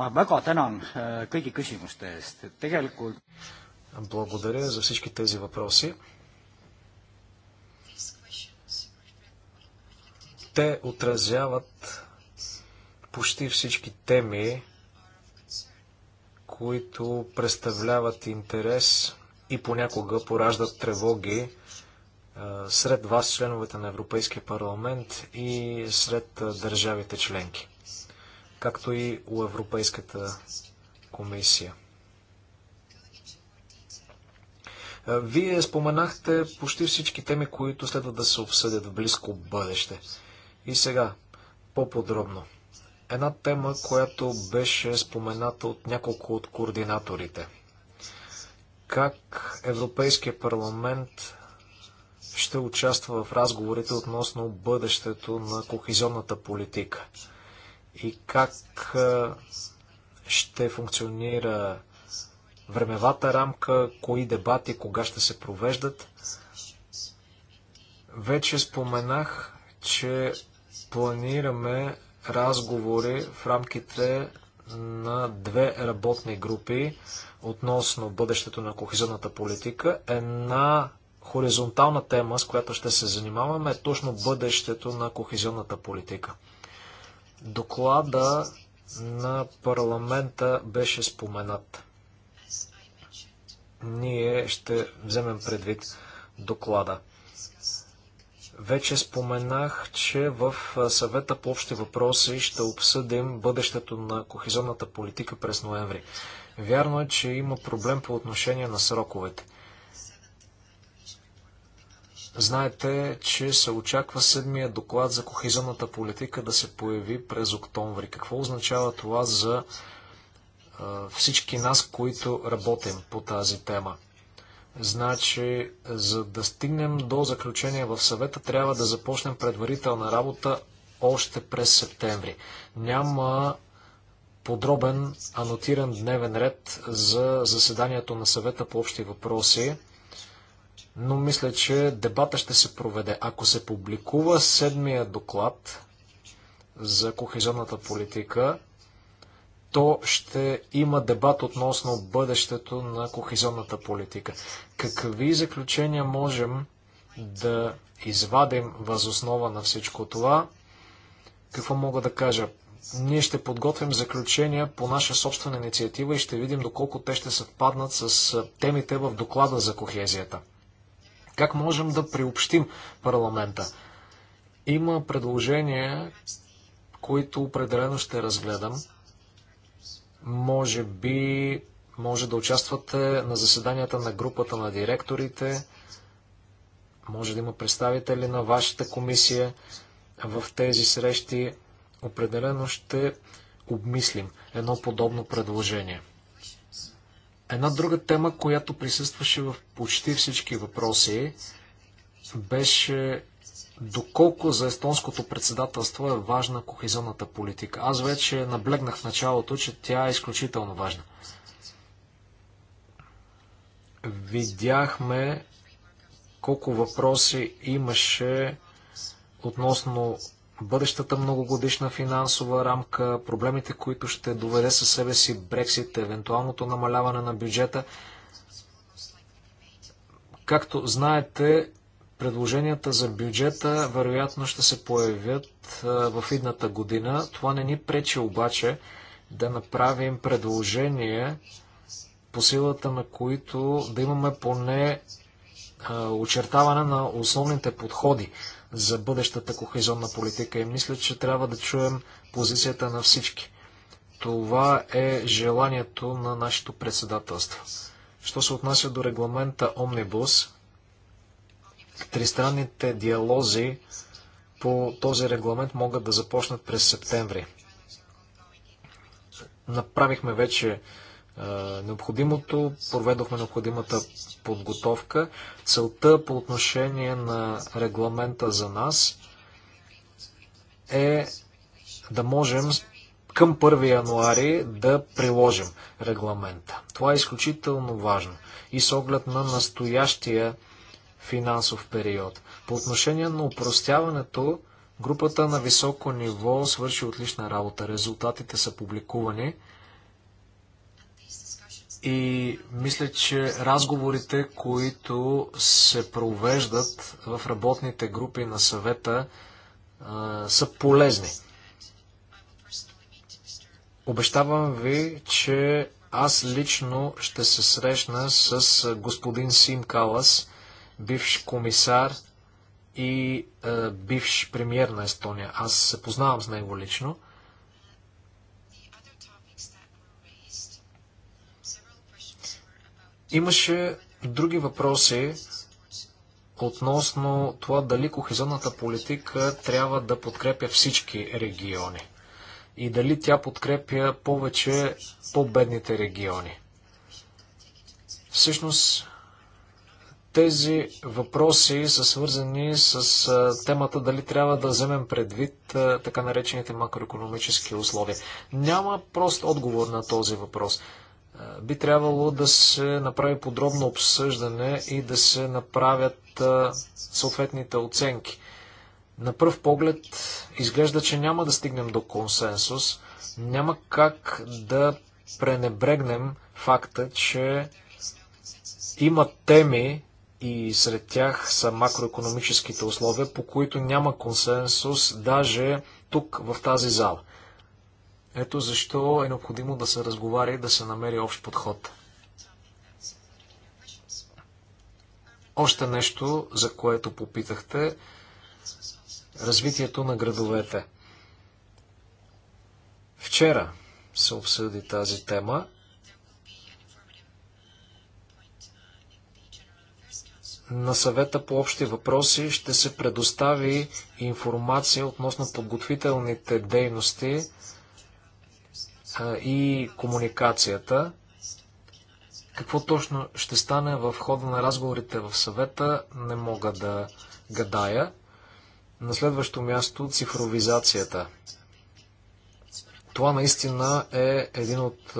Ма väga tänan äh, kõigi küsimuste eest, et Благодаря за всички тези въпроси. Те отразяват почти всички теми, които представляват интерес и понякога пораждат тревоги сред вас, членовете на Европейския парламент и сред държавите членки както и у Европейската комисия. Вие споменахте почти всички теми, които следва да се обсъдят в близко бъдеще. И сега, по-подробно. Една тема, която беше спомената от няколко от координаторите. Как Европейския парламент ще участва в разговорите относно бъдещето на кохизионната политика? и как ще функционира времевата рамка, кои дебати, кога ще се провеждат. Вече споменах, че планираме разговори в рамките на две работни групи относно бъдещето на кохезионната политика. Една хоризонтална тема, с която ще се занимаваме, е точно бъдещето на кохезионната политика. Доклада на парламента беше споменат. Ние ще вземем предвид доклада. Вече споменах, че в съвета по общи въпроси ще обсъдим бъдещето на кохезионната политика през ноември. Вярно е, че има проблем по отношение на сроковете – Знаете, че се очаква седмия доклад за кохезионната политика да се появи през октомври. Какво означава това за всички нас, които работим по тази тема? Значи, за да стигнем до заключение в съвета, трябва да започнем предварителна работа още през септември. Няма подробен анотиран дневен ред за заседанието на съвета по общи въпроси но мисля, че дебата ще се проведе. Ако се публикува седмия доклад за кохезионната политика, то ще има дебат относно бъдещето на кохезионната политика. Какви заключения можем да извадим възоснова на всичко това? Какво мога да кажа? Ние ще подготвим заключения по наша собствена инициатива и ще видим доколко те ще съвпаднат с темите в доклада за кохезията. Как можем да приобщим парламента? Има предложения, които определено ще разгледам. Може би може да участвате на заседанията на групата на директорите. Може да има представители на вашата комисия в тези срещи. Определено ще обмислим едно подобно предложение. Една друга тема, която присъстваше в почти всички въпроси, беше доколко за естонското председателство е важна кохезионната политика. Аз вече наблегнах в началото, че тя е изключително важна. Видяхме колко въпроси имаше относно бъдещата многогодишна финансова рамка, проблемите, които ще доведе със себе си Брексит, евентуалното намаляване на бюджета. Както знаете, предложенията за бюджета вероятно ще се появят в идната година. Това не ни пречи обаче да направим предложение, по силата на които да имаме поне очертаване на основните подходи за бъдещата кохезионна политика и мисля, че трябва да чуем позицията на всички. Това е желанието на нашето председателство. Що се отнася до регламента Омнибус, тристранните диалози по този регламент могат да започнат през септември. Направихме вече необходимото, проведохме необходимата подготовка. Целта по отношение на регламента за нас е да можем към 1 януари да приложим регламента. Това е изключително важно и с оглед на настоящия финансов период. По отношение на упростяването, групата на високо ниво свърши отлична работа. Резултатите са публикувани и мисля, че разговорите, които се провеждат в работните групи на съвета, а, са полезни. Обещавам ви, че аз лично ще се срещна с господин Сим Калас, бивш комисар и е, бивш премьер на Естония. Аз се познавам с него лично. Имаше други въпроси относно това дали кохезионната политика трябва да подкрепя всички региони и дали тя подкрепя повече по-бедните региони. Всъщност, тези въпроси са свързани с темата дали трябва да вземем предвид така наречените макроекономически условия. Няма прост отговор на този въпрос би трябвало да се направи подробно обсъждане и да се направят съответните оценки. На пръв поглед изглежда, че няма да стигнем до консенсус. Няма как да пренебрегнем факта, че има теми и сред тях са макроекономическите условия, по които няма консенсус даже тук в тази зала. Ето защо е необходимо да се разговаря и да се намери общ подход. Още нещо, за което попитахте, развитието на градовете. Вчера се обсъди тази тема. На съвета по общи въпроси ще се предостави информация относно подготвителните дейности и комуникацията. Какво точно ще стане в хода на разговорите в съвета, не мога да гадая. На следващо място цифровизацията. Това наистина е един от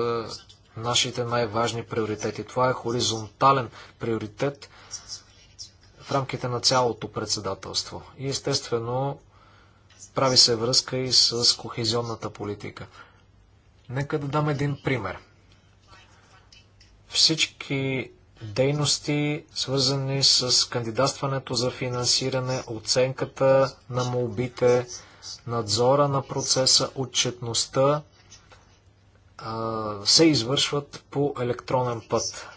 нашите най-важни приоритети. Това е хоризонтален приоритет в рамките на цялото председателство. И естествено прави се връзка и с кохезионната политика. Нека да дам един пример. Всички дейности, свързани с кандидатстването за финансиране, оценката на молбите, надзора на процеса, отчетността, се извършват по електронен път.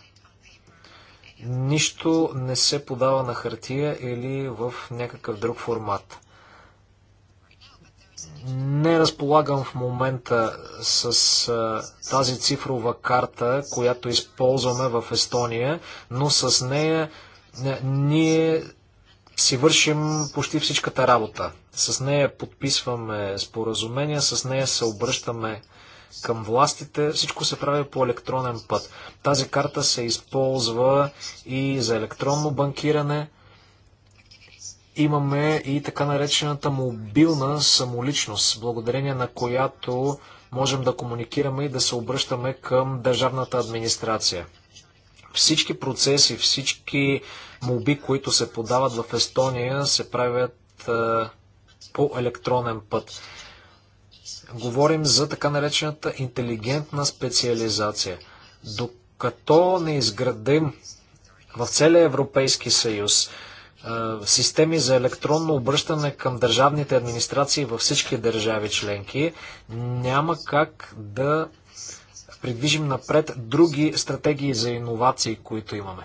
Нищо не се подава на хартия или в някакъв друг формат не разполагам в момента с а, тази цифрова карта, която използваме в Естония, но с нея не, ние си вършим почти всичката работа. С нея подписваме споразумения, с нея се обръщаме към властите. Всичко се прави по електронен път. Тази карта се използва и за електронно банкиране имаме и така наречената мобилна самоличност, благодарение на която можем да комуникираме и да се обръщаме към държавната администрация. Всички процеси, всички моби, които се подават в Естония, се правят а, по електронен път. Говорим за така наречената интелигентна специализация. Докато не изградим в целия Европейски съюз е, системи за електронно обръщане към държавните администрации във всички държави членки, няма как да придвижим напред други стратегии за иновации, които имаме.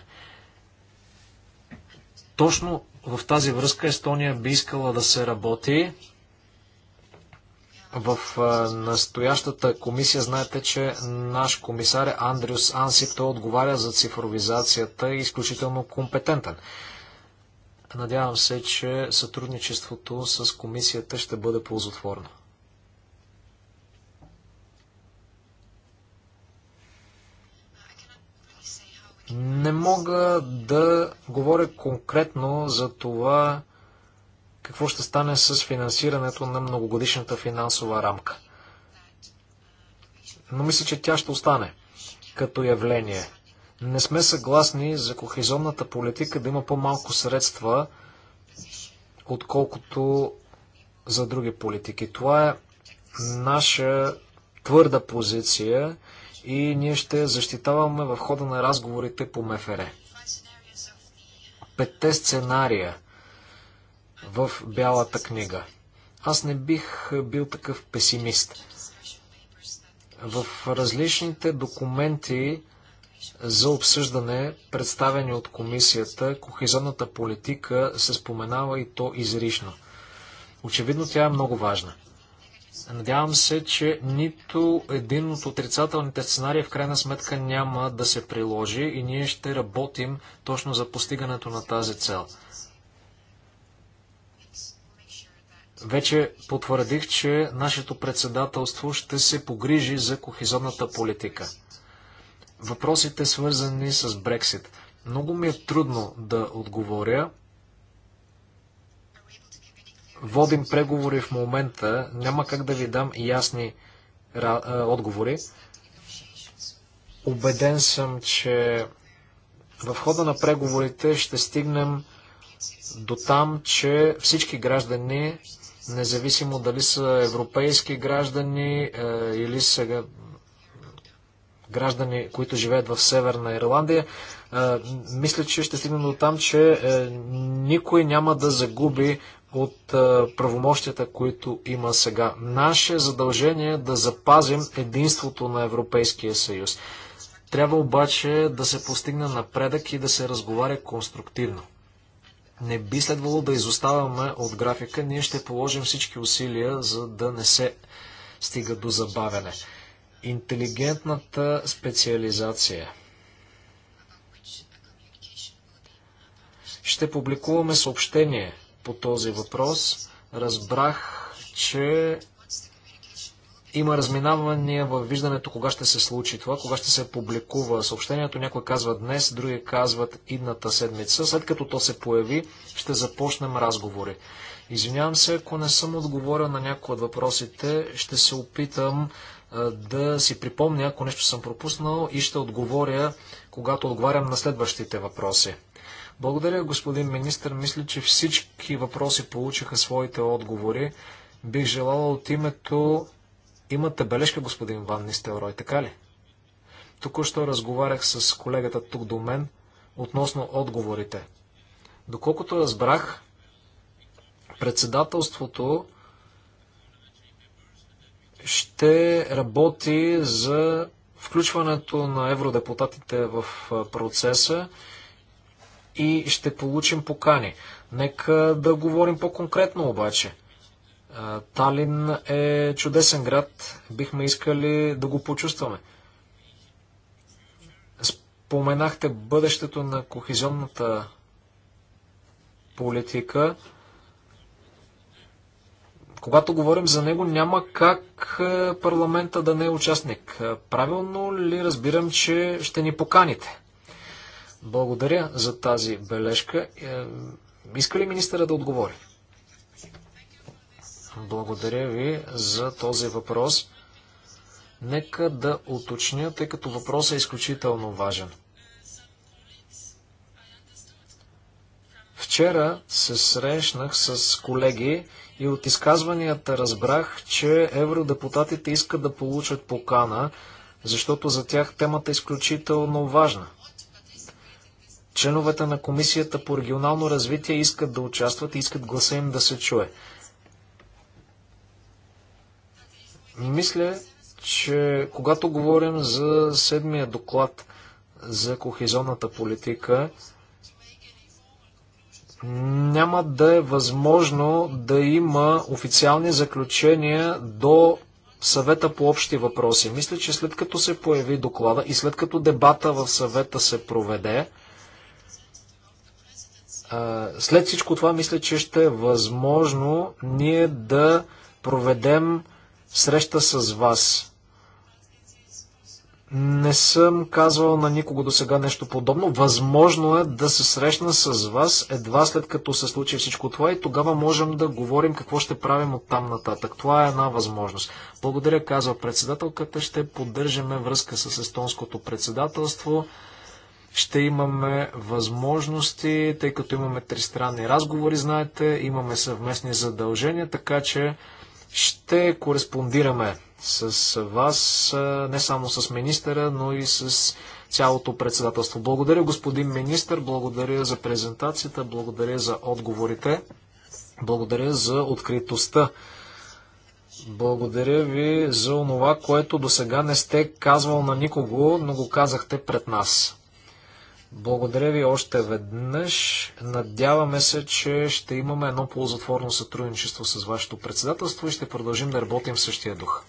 Точно в тази връзка Естония би искала да се работи. В е, настоящата комисия знаете, че наш комисар Андрюс Ансип, той отговаря за цифровизацията и е изключително компетентен Надявам се, че сътрудничеството с комисията ще бъде ползотворно. Не мога да говоря конкретно за това какво ще стане с финансирането на многогодишната финансова рамка. Но мисля, че тя ще остане като явление. Не сме съгласни за кохезионната политика да има по-малко средства, отколкото за други политики. Това е наша твърда позиция и ние ще защитаваме в хода на разговорите по МФР. Петте сценария в Бялата книга. Аз не бих бил такъв песимист. В различните документи за обсъждане, представени от комисията, кохезионната политика се споменава и то изрично. Очевидно тя е много важна. Надявам се, че нито един от отрицателните сценарии в крайна сметка няма да се приложи и ние ще работим точно за постигането на тази цел. Вече потвърдих, че нашето председателство ще се погрижи за кохезионната политика въпросите свързани с Брексит. Много ми е трудно да отговоря. Водим преговори в момента. Няма как да ви дам ясни отговори. Обеден съм, че в хода на преговорите ще стигнем до там, че всички граждани, независимо дали са европейски граждани е, или са граждани, които живеят в Северна Ирландия. Мисля, че ще стигнем до там, че е, никой няма да загуби от е, правомощията, които има сега. Наше задължение е да запазим единството на Европейския съюз. Трябва обаче да се постигне напредък и да се разговаря конструктивно. Не би следвало да изоставаме от графика. Ние ще положим всички усилия, за да не се стига до забавяне. Интелигентната специализация. Ще публикуваме съобщение по този въпрос. Разбрах, че има разминавания във виждането кога ще се случи това, кога ще се публикува съобщението. Някои казва днес, други казват идната седмица. След като то се появи, ще започнем разговори. Извинявам се, ако не съм отговорил на някои от въпросите, ще се опитам да си припомня, ако нещо съм пропуснал и ще отговоря, когато отговарям на следващите въпроси. Благодаря, господин министр. Мисля, че всички въпроси получиха своите отговори. Бих желала от името... Имате бележка, господин Ван Нистелрой, така ли? Току-що разговарях с колегата тук до мен относно отговорите. Доколкото разбрах, председателството ще работи за включването на евродепутатите в процеса и ще получим покани. Нека да говорим по-конкретно обаче. Талин е чудесен град, бихме искали да го почувстваме. Споменахте бъдещето на кохезионната политика когато говорим за него, няма как е, парламента да не е участник. Е, правилно ли разбирам, че ще ни поканите? Благодаря за тази бележка. Е, иска ли министъра да отговори? Благодаря ви за този въпрос. Нека да уточня, тъй като въпросът е изключително важен. Вчера се срещнах с колеги и от изказванията разбрах, че евродепутатите искат да получат покана, защото за тях темата е изключително важна. Членовете на Комисията по регионално развитие искат да участват и искат гласа им да се чуе. Мисля, че когато говорим за седмия доклад за кохезионната политика, няма да е възможно да има официални заключения до съвета по общи въпроси. Мисля, че след като се появи доклада и след като дебата в съвета се проведе, след всичко това мисля, че ще е възможно ние да проведем среща с вас. Не съм казвал на никого до сега нещо подобно. Възможно е да се срещна с вас едва след като се случи всичко това и тогава можем да говорим какво ще правим от там нататък. Това е една възможност. Благодаря, казва председателката. Ще поддържаме връзка с естонското председателство. Ще имаме възможности, тъй като имаме тристранни разговори, знаете, имаме съвместни задължения, така че ще кореспондираме с вас, не само с министъра, но и с цялото председателство. Благодаря, господин министър, благодаря за презентацията, благодаря за отговорите, благодаря за откритостта. Благодаря ви за онова, което до сега не сте казвал на никого, но го казахте пред нас. Благодаря ви още веднъж. Надяваме се, че ще имаме едно ползотворно сътрудничество с вашето председателство и ще продължим да работим в същия дух.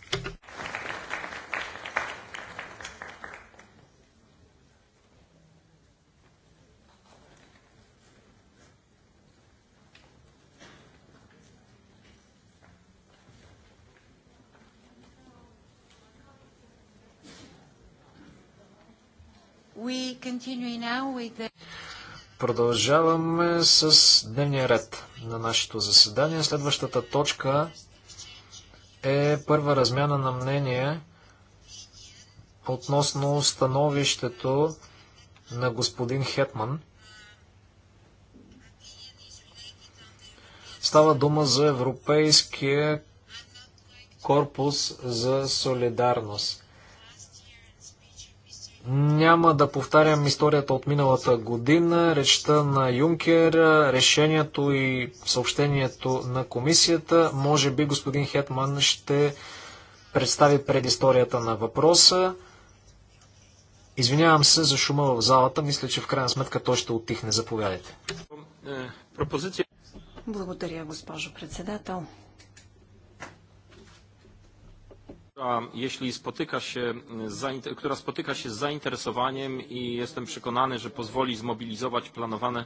Продължаваме с дневния ред на нашето заседание. Следващата точка е първа размяна на мнение относно становището на господин Хетман. Става дума за Европейския корпус за солидарност. Няма да повтарям историята от миналата година, речта на Юнкер, решението и съобщението на комисията. Може би господин Хетман ще представи предисторията на въпроса. Извинявам се за шума в залата. Мисля, че в крайна сметка той ще отихне. Заповядайте. Е, Благодаря, госпожо председател. jeśli spotyka się, z, która spotyka się z zainteresowaniem i jestem przekonany, że pozwoli zmobilizować planowane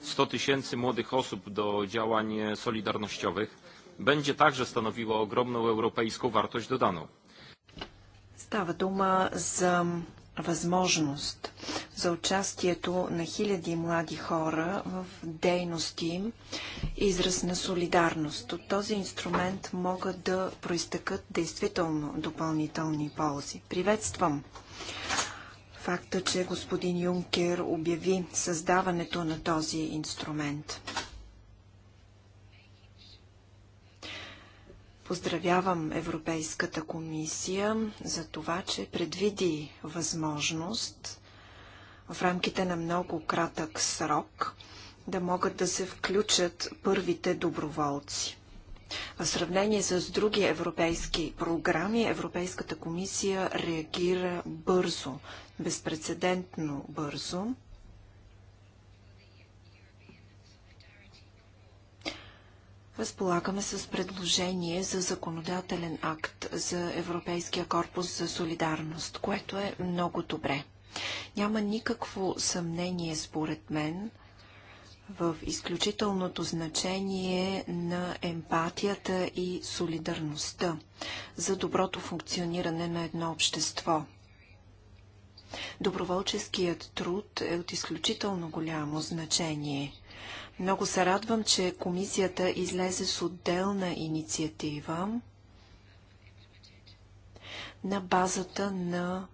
100 tysięcy młodych osób do działań solidarnościowych, będzie także stanowiło ogromną europejską wartość dodaną. Става дума за възможност за участието на хиляди млади хора в дейности им, израз на солидарност. От този инструмент могат да проистъкат действително допълнителни ползи. Приветствам факта, че господин Юнкер обяви създаването на този инструмент. Поздравявам Европейската комисия за това, че предвиди възможност в рамките на много кратък срок да могат да се включат първите доброволци. В сравнение с други европейски програми, Европейската комисия реагира бързо, безпредседентно бързо. Разполагаме с предложение за законодателен акт за Европейския корпус за солидарност, което е много добре. Няма никакво съмнение, според мен, в изключителното значение на емпатията и солидарността за доброто функциониране на едно общество. Доброволческият труд е от изключително голямо значение – много се радвам, че комисията излезе с отделна инициатива на базата на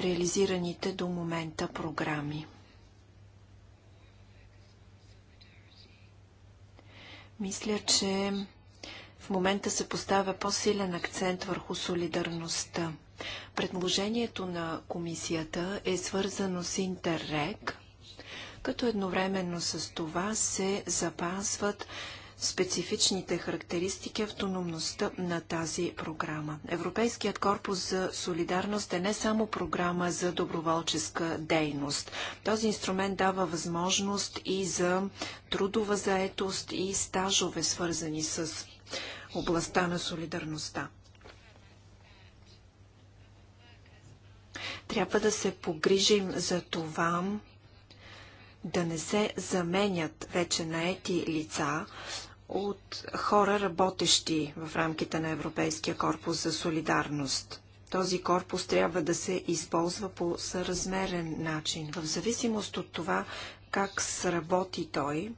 реализираните до момента програми. Мисля, че в момента се поставя по-силен акцент върху солидарността. Предложението на комисията е свързано с Интеррек, като едновременно с това се запазват специфичните характеристики автономността на тази програма. Европейският корпус за солидарност е не само програма за доброволческа дейност. Този инструмент дава възможност и за трудова заетост и стажове, свързани с областта на солидарността. Трябва да се погрижим за това да не се заменят вече наети лица от хора, работещи в рамките на Европейския корпус за солидарност. Този корпус трябва да се използва по съразмерен начин. В зависимост от това как сработи той,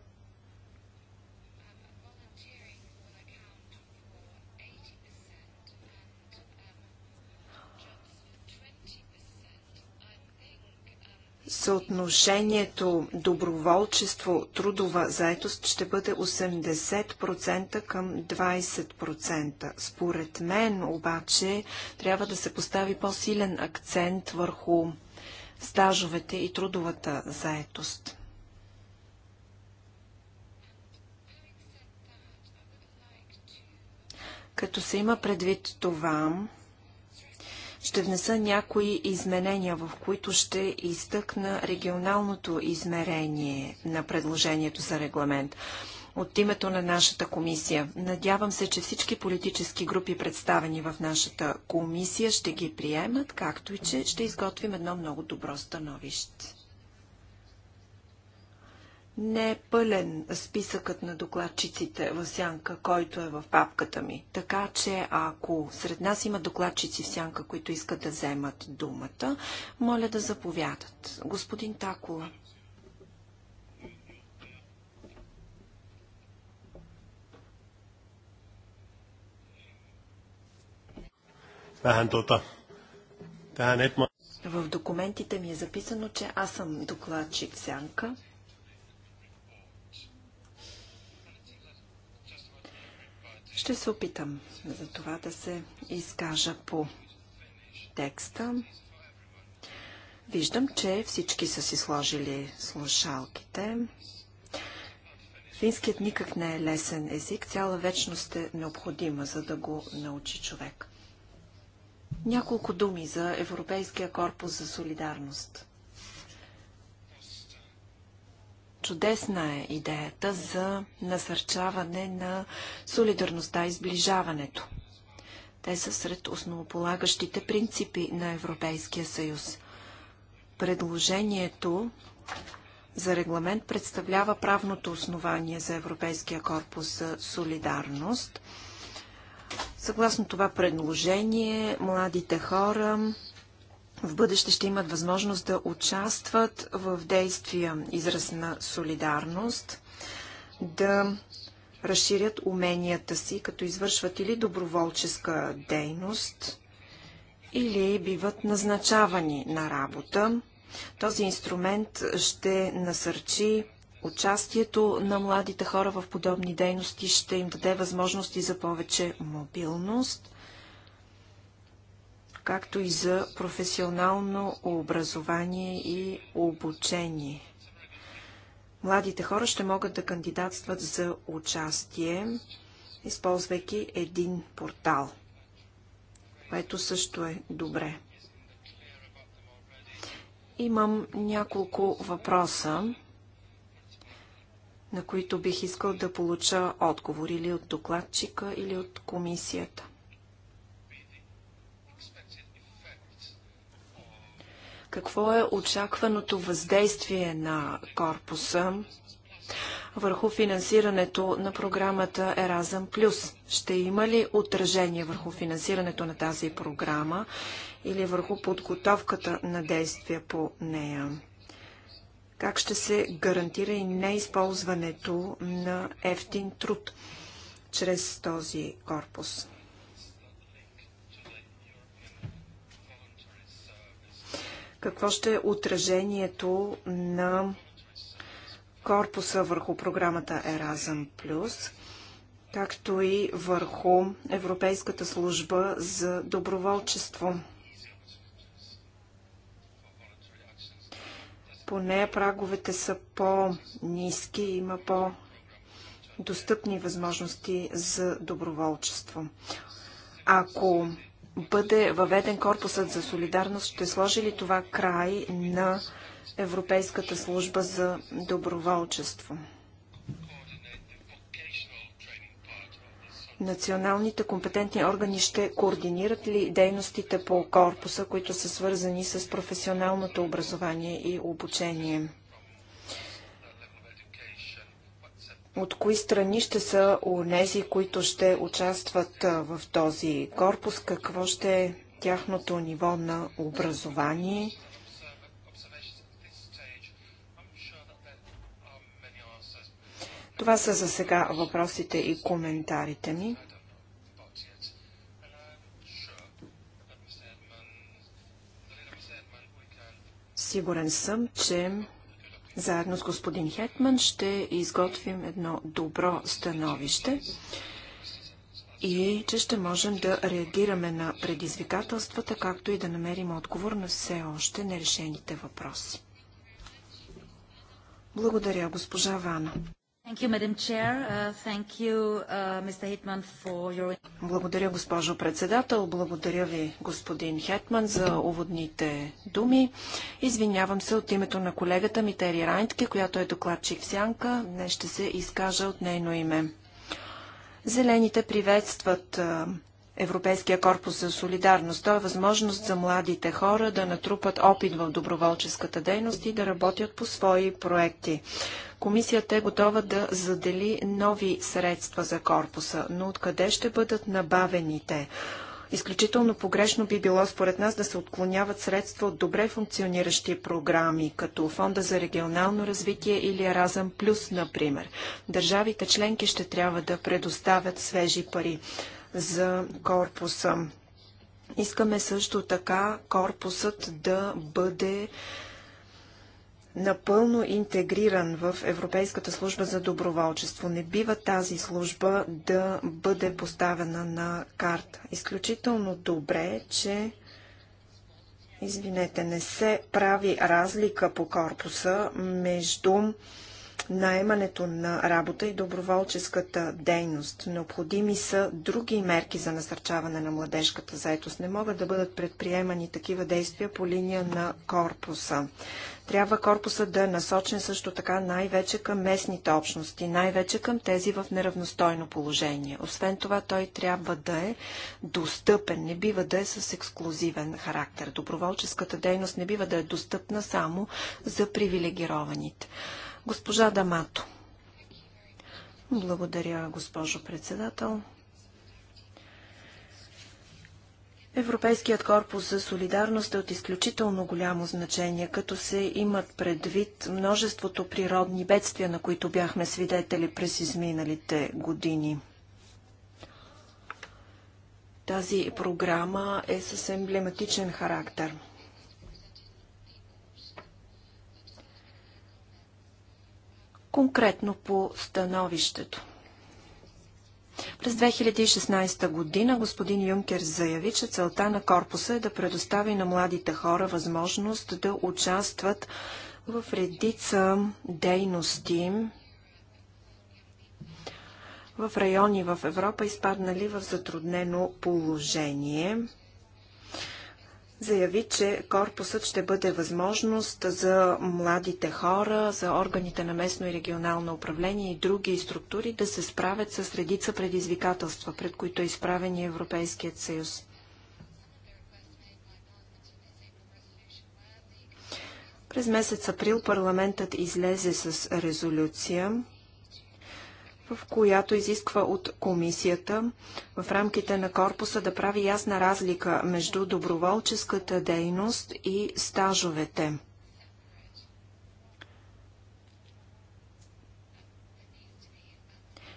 съотношението доброволчество, трудова заетост ще бъде 80% към 20%. Според мен обаче трябва да се постави по-силен акцент върху стажовете и трудовата заетост. Като се има предвид това, ще внеса някои изменения, в които ще изтъкна регионалното измерение на предложението за регламент от името на нашата комисия. Надявам се, че всички политически групи, представени в нашата комисия, ще ги приемат, както и че ще изготвим едно много добро становище. Не е пълен списъкът на докладчиците в сянка, който е в папката ми. Така че ако сред нас има докладчици в сянка, които искат да вземат думата, моля да заповядат. Господин Такола. Tota, в документите ми е записано, че аз съм докладчик сянка. Ще се опитам за това да се изкажа по текста. Виждам, че всички са си сложили слушалките. Финският никак не е лесен език. Цяла вечност е необходима, за да го научи човек. Няколко думи за Европейския корпус за солидарност. Чудесна е идеята за насърчаване на солидарността и сближаването. Те са сред основополагащите принципи на Европейския съюз. Предложението за регламент представлява правното основание за Европейския корпус за солидарност. Съгласно това предложение, младите хора в бъдеще ще имат възможност да участват в действия израз на солидарност, да разширят уменията си, като извършват или доброволческа дейност, или биват назначавани на работа. Този инструмент ще насърчи участието на младите хора в подобни дейности, ще им даде възможности за повече мобилност – както и за професионално образование и обучение. Младите хора ще могат да кандидатстват за участие, използвайки един портал, което също е добре. Имам няколко въпроса, на които бих искал да получа отговор или от докладчика, или от комисията. Какво е очакваното въздействие на корпуса върху финансирането на програмата Еразъм Плюс? Ще има ли отражение върху финансирането на тази програма или върху подготовката на действия по нея? Как ще се гарантира и неизползването на ефтин труд чрез този корпус? какво ще е отражението на корпуса върху програмата Erasm+, както и върху Европейската служба за доброволчество. Поне праговете са по-низки, има по-достъпни възможности за доброволчество. Ако бъде въведен корпусът за солидарност, ще сложи ли това край на Европейската служба за доброволчество? Националните компетентни органи ще координират ли дейностите по корпуса, които са свързани с професионалното образование и обучение? от кои страни ще са унези, които ще участват в този корпус, какво ще е тяхното ниво на образование. Това са за сега въпросите и коментарите ми. Сигурен съм, че заедно с господин Хетман ще изготвим едно добро становище и че ще можем да реагираме на предизвикателствата, както и да намерим отговор на все още нерешените въпроси. Благодаря, госпожа Вана. Благодаря, госпожо председател. Благодаря ви, господин Хетман, за уводните думи. Извинявам се от името на колегата Митери Райнтке, която е докладчик в Сянка. Днес ще се изкажа от нейно име. Зелените приветстват Европейския корпус за солидарност. Той е възможност за младите хора да натрупат опит в доброволческата дейност и да работят по свои проекти. Комисията е готова да задели нови средства за корпуса, но откъде ще бъдат набавените? Изключително погрешно би било според нас да се отклоняват средства от добре функциониращи програми, като Фонда за регионално развитие или Еразъм Плюс, например. Държавите членки ще трябва да предоставят свежи пари за корпуса. Искаме също така корпусът да бъде напълно интегриран в Европейската служба за доброволчество. Не бива тази служба да бъде поставена на карта. Изключително добре, че извинете, не се прави разлика по корпуса между наемането на работа и доброволческата дейност. Необходими са други мерки за насърчаване на младежката заетост. Не могат да бъдат предприемани такива действия по линия на корпуса. Трябва корпусът да е насочен също така най-вече към местните общности, най-вече към тези в неравностойно положение. Освен това, той трябва да е достъпен, не бива да е с ексклюзивен характер. Доброволческата дейност не бива да е достъпна само за привилегированите. Госпожа Дамато. Благодаря, госпожо председател. Европейският корпус за солидарност е от изключително голямо значение, като се имат предвид множеството природни бедствия, на които бяхме свидетели през изминалите години. Тази програма е с емблематичен характер. Конкретно по становището. През 2016 година господин Юнкер заяви, че целта на корпуса е да предостави на младите хора възможност да участват в редица дейности в райони в Европа, изпаднали в затруднено положение заяви, че корпусът ще бъде възможност за младите хора, за органите на местно и регионално управление и други структури да се справят с редица предизвикателства, пред които е изправен и Европейският съюз. През месец април парламентът излезе с резолюция, в която изисква от комисията в рамките на корпуса да прави ясна разлика между доброволческата дейност и стажовете.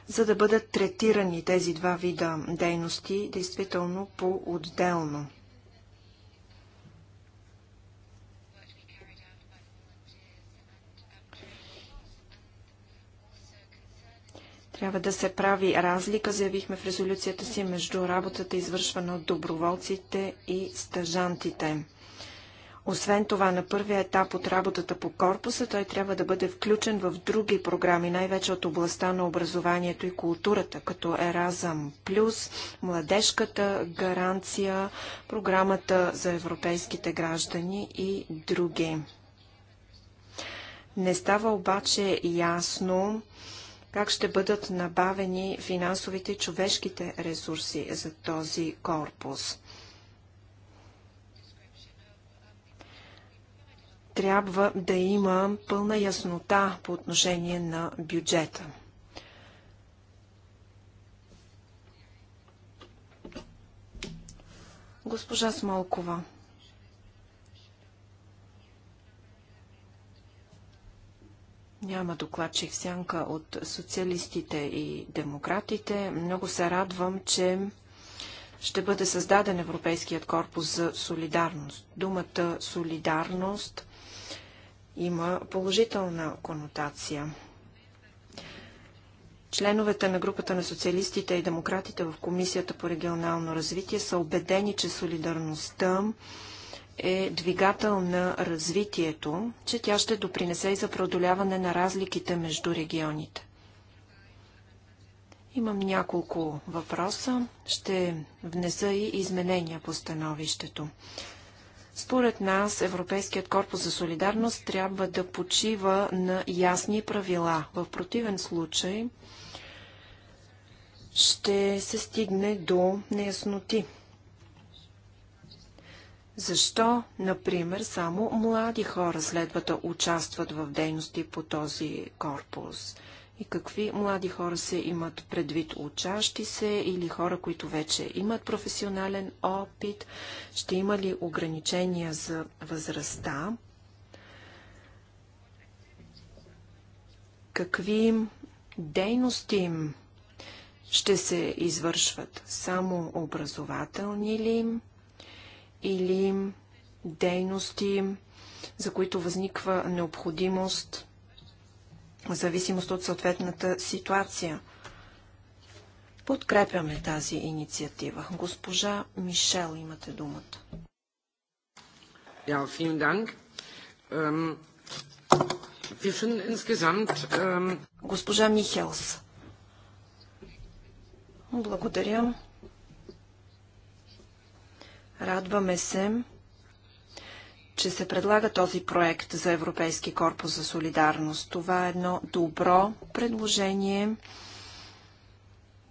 За да бъдат третирани тези два вида дейности, действително по-отделно. Трябва да се прави разлика, заявихме в резолюцията си, между работата, извършвана от доброволците и стажантите. Освен това, на първия етап от работата по корпуса, той трябва да бъде включен в други програми, най-вече от областта на образованието и културата, като Еразъм Плюс, Младежката гаранция, програмата за европейските граждани и други. Не става обаче ясно как ще бъдат набавени финансовите и човешките ресурси за този корпус. Трябва да има пълна яснота по отношение на бюджета. Госпожа Смолкова. Няма докладчик сянка от социалистите и демократите. Много се радвам, че ще бъде създаден Европейският корпус за солидарност. Думата солидарност има положителна конотация. Членовете на групата на социалистите и демократите в Комисията по регионално развитие са убедени, че солидарността е двигател на развитието, че тя ще допринесе и за преодоляване на разликите между регионите. Имам няколко въпроса. Ще внеса и изменения по становището. Според нас Европейският корпус за солидарност трябва да почива на ясни правила. В противен случай ще се стигне до неясноти защо, например, само млади хора следва да участват в дейности по този корпус? И какви млади хора се имат предвид учащи се или хора, които вече имат професионален опит? Ще има ли ограничения за възрастта? Какви дейности им ще се извършват? Само образователни ли им? или дейности, за които възниква необходимост в зависимост от съответната ситуация. Подкрепяме тази инициатива. Госпожа Мишел, имате думата. Ja, vielen Dank. Ähm, wir finden insgesamt... Ähm... Госпожа Михелс. Благодаря. Радваме се, че се предлага този проект за Европейски корпус за солидарност. Това е едно добро предложение,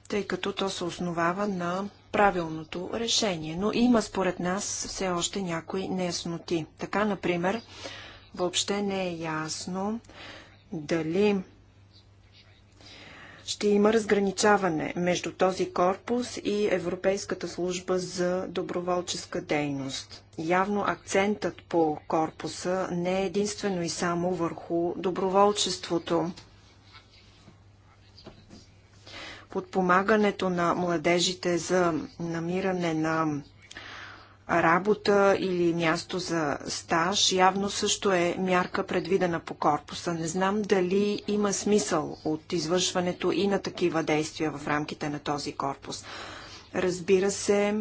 тъй като то се основава на правилното решение. Но има според нас все още някои неясноти. Така, например, въобще не е ясно дали ще има разграничаване между този корпус и Европейската служба за доброволческа дейност. Явно акцентът по корпуса не е единствено и само върху доброволчеството. Подпомагането на младежите за намиране на работа или място за стаж, явно също е мярка предвидена по корпуса. Не знам дали има смисъл от извършването и на такива действия в рамките на този корпус. Разбира се,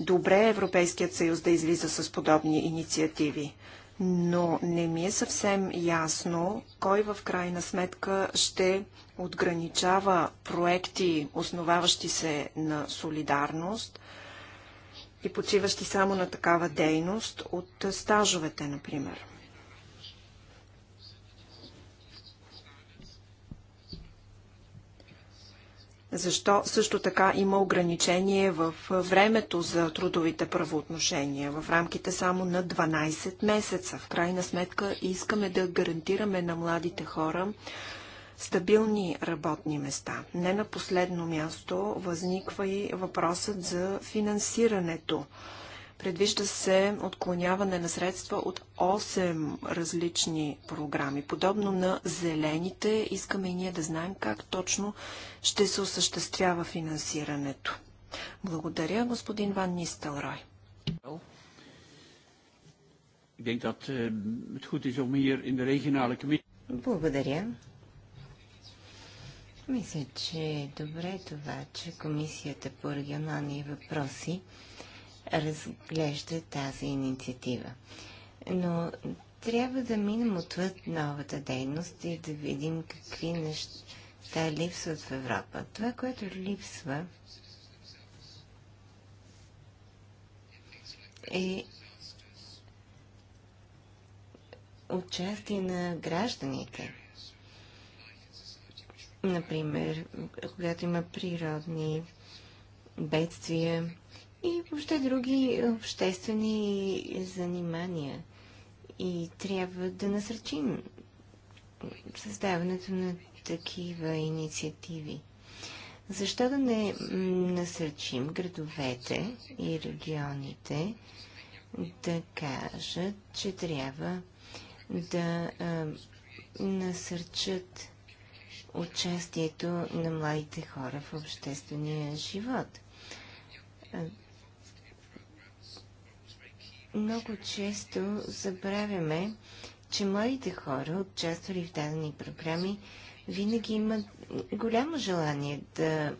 добре е Европейският съюз да излиза с подобни инициативи, но не ми е съвсем ясно кой в крайна сметка ще отграничава проекти, основаващи се на солидарност, и почиващи само на такава дейност от стажовете, например. Защо също така има ограничение в времето за трудовите правоотношения в рамките само на 12 месеца? В крайна сметка искаме да гарантираме на младите хора стабилни работни места. Не на последно място възниква и въпросът за финансирането. Предвижда се отклоняване на средства от 8 различни програми. Подобно на зелените, искаме и ние да знаем как точно ще се осъществява финансирането. Благодаря, господин Ван Нистелрой. Eh, Благодаря. Мисля, че е добре това, че Комисията по регионални въпроси разглежда тази инициатива. Но трябва да минем отвъд новата дейност и да видим какви неща липсват в Европа. Това, което липсва, е участие на гражданите например, когато има природни бедствия и въобще други обществени занимания. И трябва да насърчим създаването на такива инициативи. Защо да не насърчим градовете и регионите да кажат, че трябва да а, насърчат участието на младите хора в обществения живот. Много често забравяме, че младите хора, участвали в дадени програми, винаги имат голямо желание да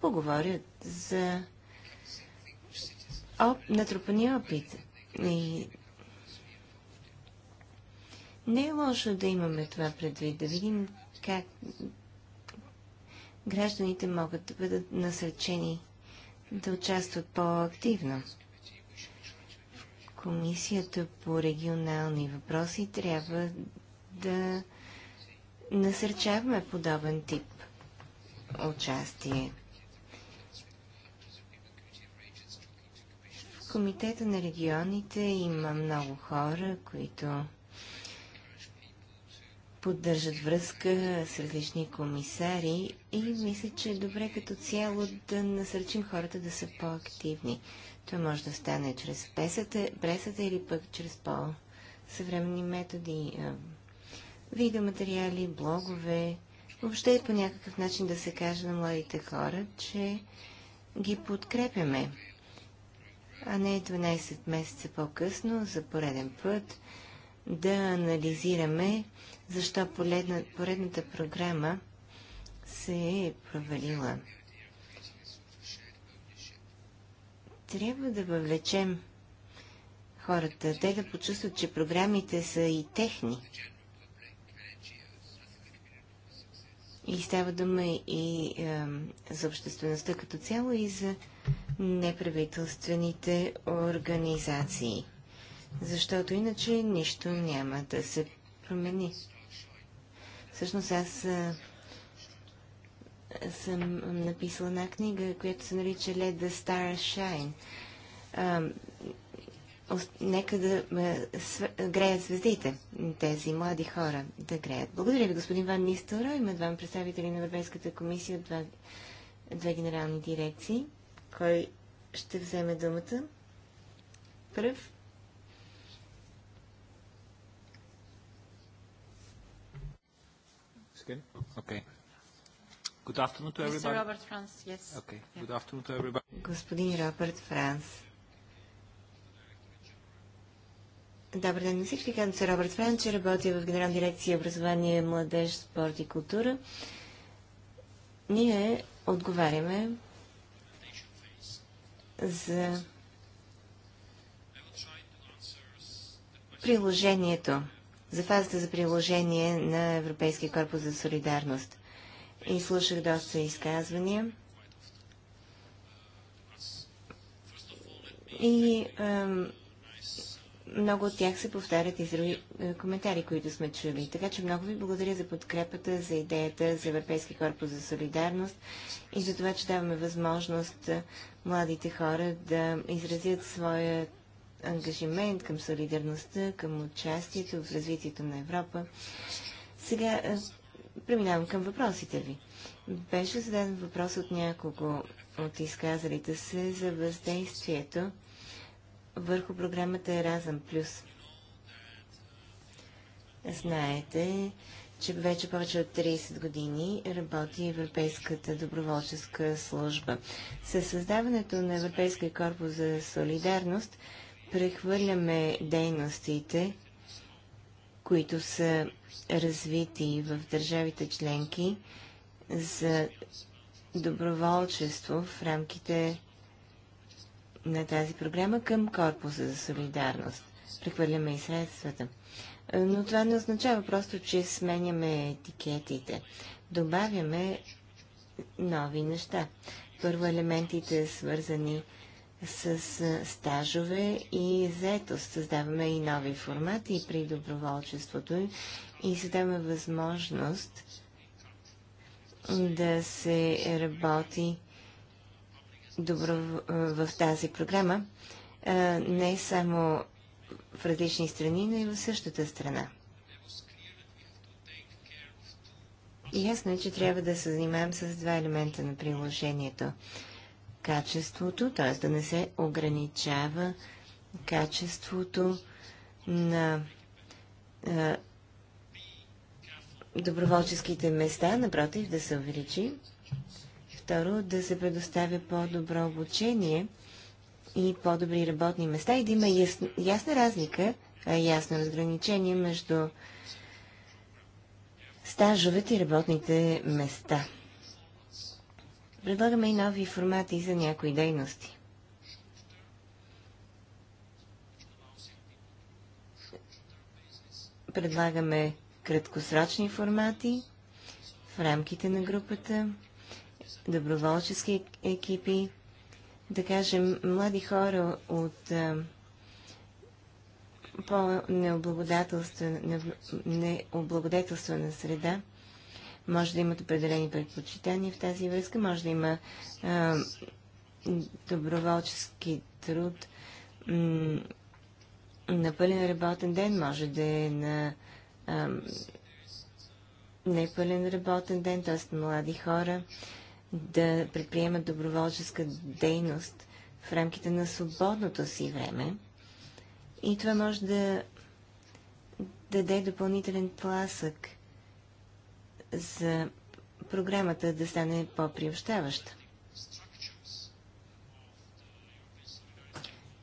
поговорят за оп, натрупани опит. И не е лошо да имаме това предвид, да видим как гражданите могат да бъдат насърчени да участват по-активно. Комисията по регионални въпроси трябва да насърчаваме подобен тип участие. В Комитета на регионите има много хора, които поддържат връзка с различни комисари и мисля, че е добре като цяло да насърчим хората да са по-активни. Това може да стане чрез песата, пресата или пък чрез по-съвременни методи, видеоматериали, блогове. Въобще е по някакъв начин да се каже на младите хора, че ги подкрепяме. А не 12 е месеца по-късно, за пореден път, да анализираме защо поредна, поредната програма се е провалила. Трябва да въвлечем хората, те да почувстват, че програмите са и техни. И става дума и е, за обществеността като цяло и за неправителствените организации. Защото иначе нищо няма да се промени. Всъщност аз а, съм написала една книга, която се нарича Let the Star Shine. А, нека да греят звездите, тези млади хора да греят. Благодаря ви, господин Ван Нистора. Има два представители на Европейската комисия, два, две генерални дирекции. Кой ще вземе думата? Пръв? Okay. Good afternoon to everybody. Mr. Robert yes. Okay. Yeah. Good afternoon to everybody. Господин Робърт Франс. Добър ден на всички. Казвам се Робърт Франс, че работя в Генерална дирекция образование, младеж, спорт и култура. Ние отговаряме за приложението за фазата за приложение на Европейския корпус за солидарност. И слушах доста изказвания. И ам, много от тях се повтарят и други е, коментари, които сме чули. Така че много ви благодаря за подкрепата, за идеята за Европейски корпус за солидарност и за това, че даваме възможност е, младите хора да изразят своят ангажимент към солидарността, към участието в развитието на Европа. Сега е, преминавам към въпросите ви. Беше зададен въпрос от няколко от изказалите се за въздействието върху програмата Еразъм Плюс. Знаете, че вече повече от 30 години работи Европейската доброволческа служба. Със създаването на Европейския корпус за солидарност прехвърляме дейностите, които са развити в държавите членки за доброволчество в рамките на тази програма към Корпуса за солидарност. Прехвърляме и средствата. Но това не означава просто, че сменяме етикетите. Добавяме нови неща. Първо елементите, свързани с с стажове и заетост. Създаваме и нови формати при доброволчеството и създаваме възможност да се работи добро в тази програма, не само в различни страни, но и в същата страна. ясно е, че трябва да се занимаем с два елемента на приложението – качеството, т.е. да не се ограничава качеството на а, доброволческите места, напротив, да се увеличи. Второ, да се предоставя по-добро обучение и по-добри работни места и да има ясна, ясна разлика, ясно разграничение между стажовете и работните места. Предлагаме и нови формати за някои дейности. Предлагаме краткосрочни формати в рамките на групата, доброволчески екипи, да кажем, млади хора от по-необлагодетелствена среда може да имат определени предпочитания в тази връзка, може да има а, доброволчески труд на пълен работен ден, може да е на а, непълен работен ден, т.е. млади хора да предприемат доброволческа дейност в рамките на свободното си време. И това може да даде допълнителен тласък за програмата да стане по-приобщаваща.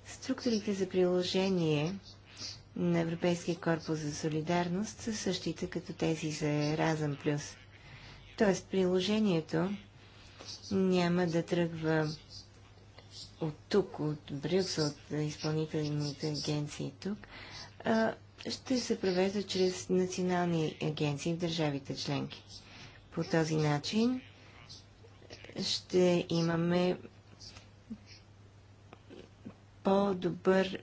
Структурите за приложение на Европейския корпус за солидарност са същите като тези за Еразъм Плюс. Тоест, приложението няма да тръгва от тук, от Брюксел, от изпълнителните агенции тук, а ще се превеждат чрез национални агенции в държавите членки. По този начин ще имаме по-добър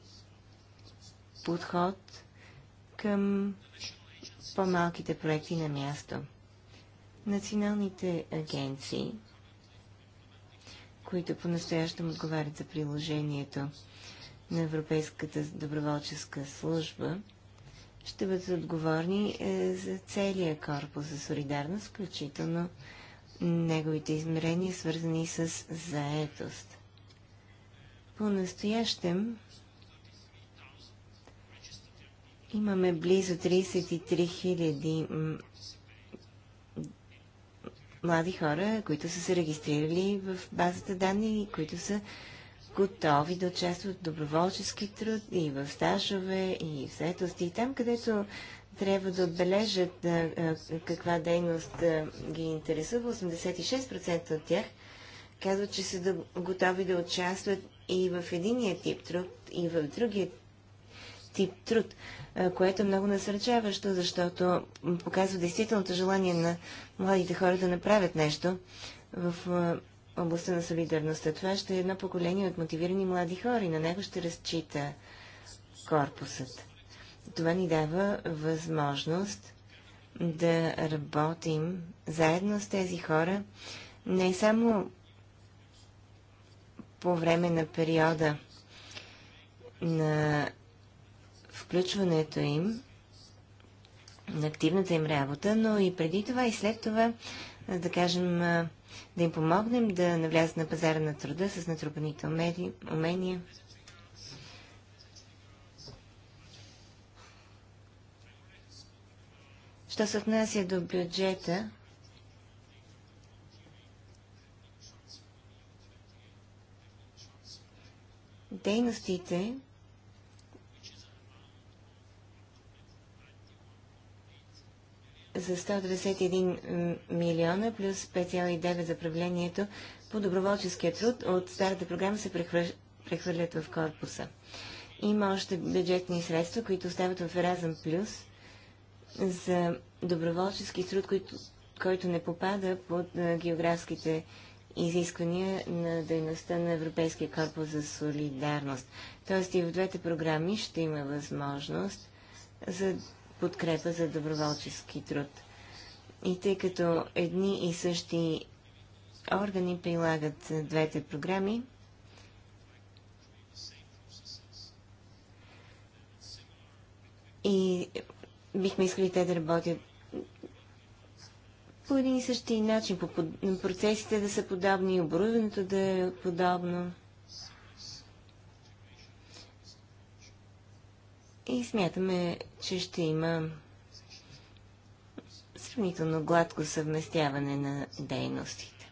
подход към по-малките проекти на място. Националните агенции, които по-настоящем отговарят за приложението на Европейската доброволческа служба, ще бъдат отговорни е, за целия корпус за солидарност, включително неговите измерения, свързани с заетост. По-настоящем имаме близо 33 000 млади хора, които са се регистрирали в базата данни, които са готови да участват в доброволчески труд и в стажове и в заетости. И там, където трябва да отбележат а, а, каква дейност а, ги интересува, 86% от тях казват, че са да, готови да участват и в единия тип труд, и в другия тип труд, което е много насърчаващо, защото показва действителното желание на младите хора да направят нещо в областта на солидарността. Това ще е едно поколение от мотивирани млади хора и на него ще разчита корпусът. Това ни дава възможност да работим заедно с тези хора, не само по време на периода на включването им, на активната им работа, но и преди това и след това, да кажем, да им помогнем да навлязат на пазара на труда с натрупаните умения. Що се отнася до бюджета, дейностите, за 191 милиона плюс 5,9 за правлението по доброволческия труд от старата програма се прехвърлят в корпуса. Има още бюджетни средства, които остават в Еразъм Плюс за доброволчески труд, който, който не попада под географските изисквания на дейността на Европейския корпус за солидарност. Тоест и в двете програми ще има възможност за подкрепа за доброволчески труд. И тъй като едни и същи органи прилагат двете програми, и бихме искали те да работят по един и същи начин, по, процесите да са подобни, оборудването да е подобно. и смятаме, че ще има сравнително гладко съвместяване на дейностите.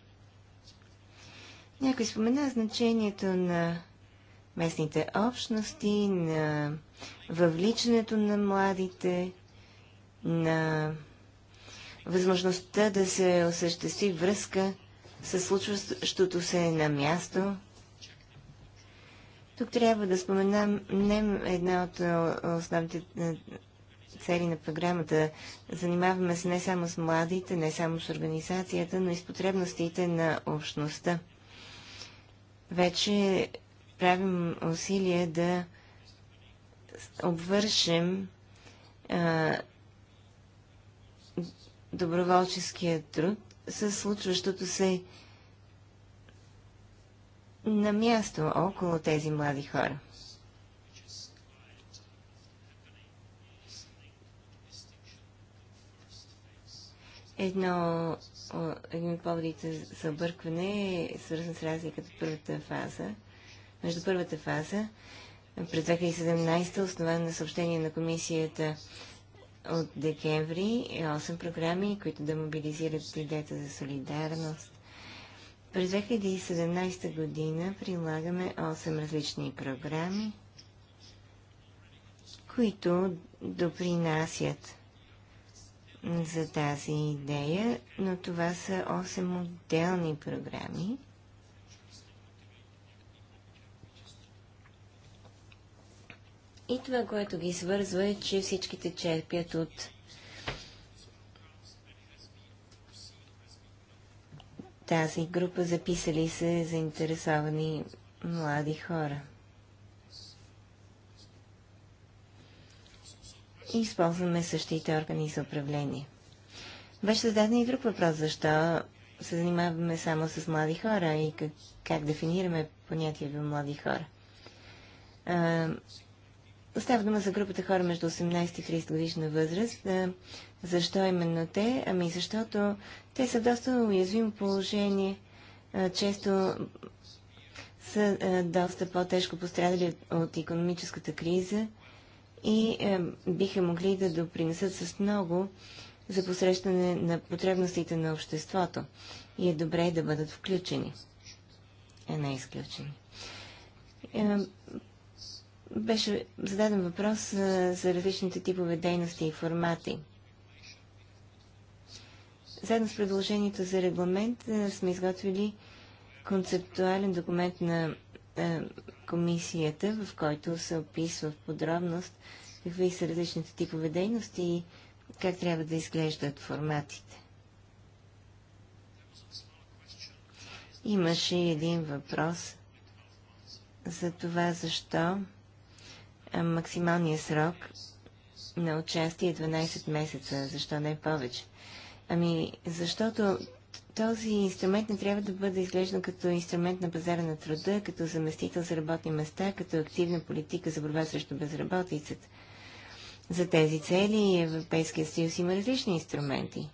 Някой спомена значението на местните общности, на въвличането на младите, на възможността да се осъществи връзка с случващото се на място – тук трябва да споменам не една от е, основните е, цели на програмата. Занимаваме се не само с младите, не само с организацията, но и с потребностите на общността. Вече правим усилия да обвършим а, е, доброволческия труд с случващото се на място около тези млади хора. Едно, един от поводите за объркване е свързан с разликата в първата фаза. Между първата фаза през 2017 основана на съобщение на комисията от декември 8 програми, които да мобилизират идеята за солидарност, през 2017 година прилагаме 8 различни програми, които допринасят за тази идея, но това са 8 отделни програми. И това, което ги свързва е, че всичките черпят от тази група записали се заинтересовани млади хора. И използваме същите органи за управление. Беше зададен и друг въпрос, защо се занимаваме само с млади хора и как, как дефинираме понятието млади хора. А, става дума за групата хора между 18 и 30 годишна възраст, а, защо именно те? Ами защото те са доста уязвимо положение. Често са доста по-тежко пострадали от економическата криза и биха могли да допринесат с много за посрещане на потребностите на обществото. И е добре да бъдат включени, а е, не изключени. Е, беше зададен въпрос за различните типове дейности и формати – заедно с предложението за регламент е, сме изготвили концептуален документ на е, комисията, в който се описва в подробност какви са различните типове дейности и как трябва да изглеждат форматите. Имаше един въпрос за това защо е, максималният срок на участие е 12 месеца, защо не повече. Ами, защото този инструмент не трябва да бъде изглеждан като инструмент на пазара на труда, като заместител за работни места, като активна политика за борба срещу безработицата. За тези цели Европейския съюз има различни инструменти.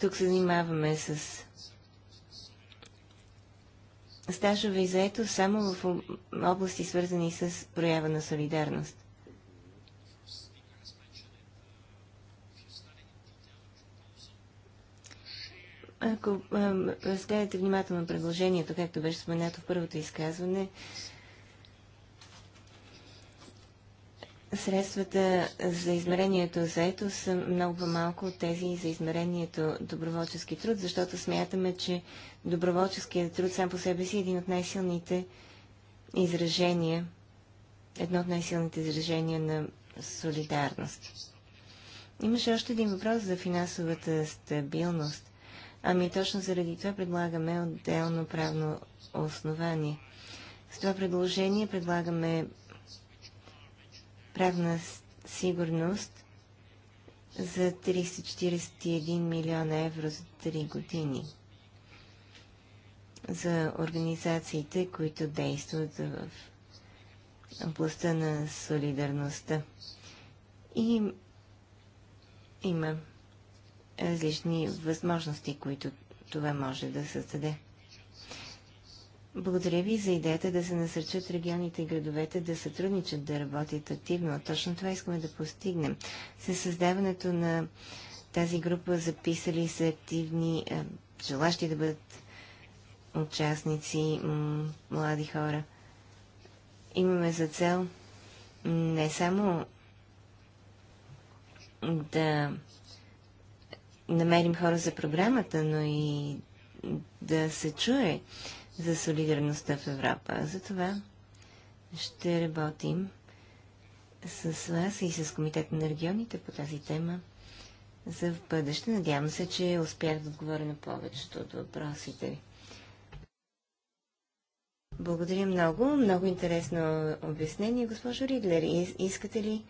Тук се занимаваме с стажове и заето само в области свързани с проява на солидарност. Ако разгледате внимателно предложението, както беше споменато в първото изказване, средствата за измерението за ето са много по-малко от тези за измерението доброволчески труд, защото смятаме, че доброволческият труд сам по себе си е един от най-силните изражения, едно от най-силните изражения на солидарност. Имаше още един въпрос за финансовата стабилност. Ами точно заради това предлагаме отделно правно основание. С това предложение предлагаме правна сигурност за 341 милиона евро за 3 години за организациите, които действат в областта на солидарността. И има различни възможности, които това може да създаде. Благодаря ви за идеята да се насърчат регионите и градовете да сътрудничат, да работят активно. Точно това искаме да постигнем. С създаването на тази група записали се активни, е, желащи да бъдат участници, млади хора. Имаме за цел не само да намерим хора за програмата, но и да се чуе за солидарността в Европа. Затова ще работим с вас и с Комитета на регионите по тази тема за в бъдеще. Надявам се, че успях да отговоря на повечето от въпросите ви. Благодаря много. Много интересно обяснение, госпожо Ридлер. Искате ли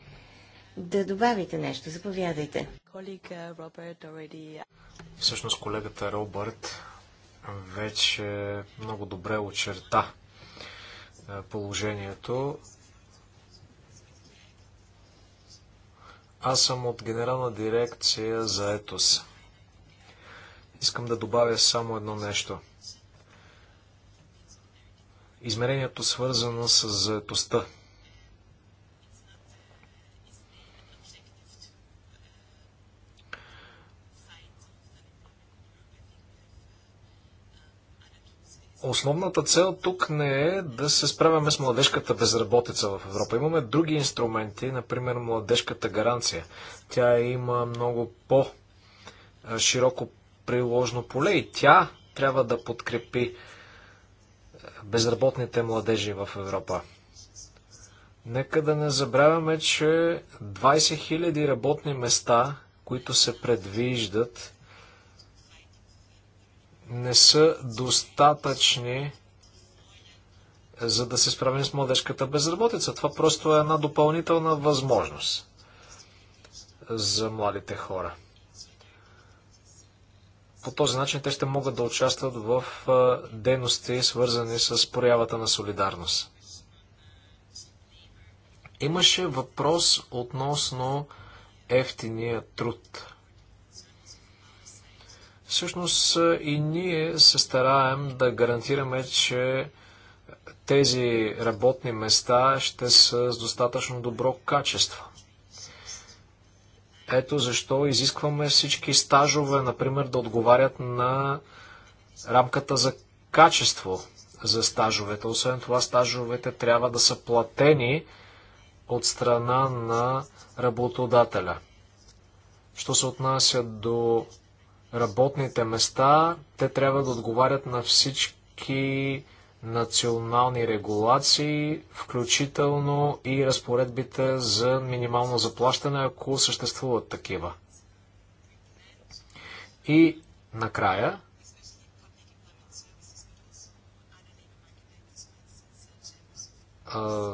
да добавите нещо. Заповядайте. Всъщност колегата Робърт вече много добре очерта е, положението. Аз съм от Генерална дирекция за етос. Искам да добавя само едно нещо. Измерението свързано с заетостта Основната цел тук не е да се справяме с младежката безработица в Европа. Имаме други инструменти, например младежката гаранция. Тя има много по-широко приложно поле и тя трябва да подкрепи безработните младежи в Европа. Нека да не забравяме, че 20 000 работни места, които се предвиждат, не са достатъчни за да се справим с младежката безработица. Това просто е една допълнителна възможност за младите хора. По този начин те ще могат да участват в дейности, свързани с проявата на солидарност. Имаше въпрос относно ефтиния труд. Всъщност и ние се стараем да гарантираме, че тези работни места ще са с достатъчно добро качество. Ето защо изискваме всички стажове, например, да отговарят на рамката за качество за стажовете. Освен това, стажовете трябва да са платени от страна на работодателя. Що се отнася до работните места, те трябва да отговарят на всички национални регулации, включително и разпоредбите за минимално заплащане, ако съществуват такива. И накрая, а,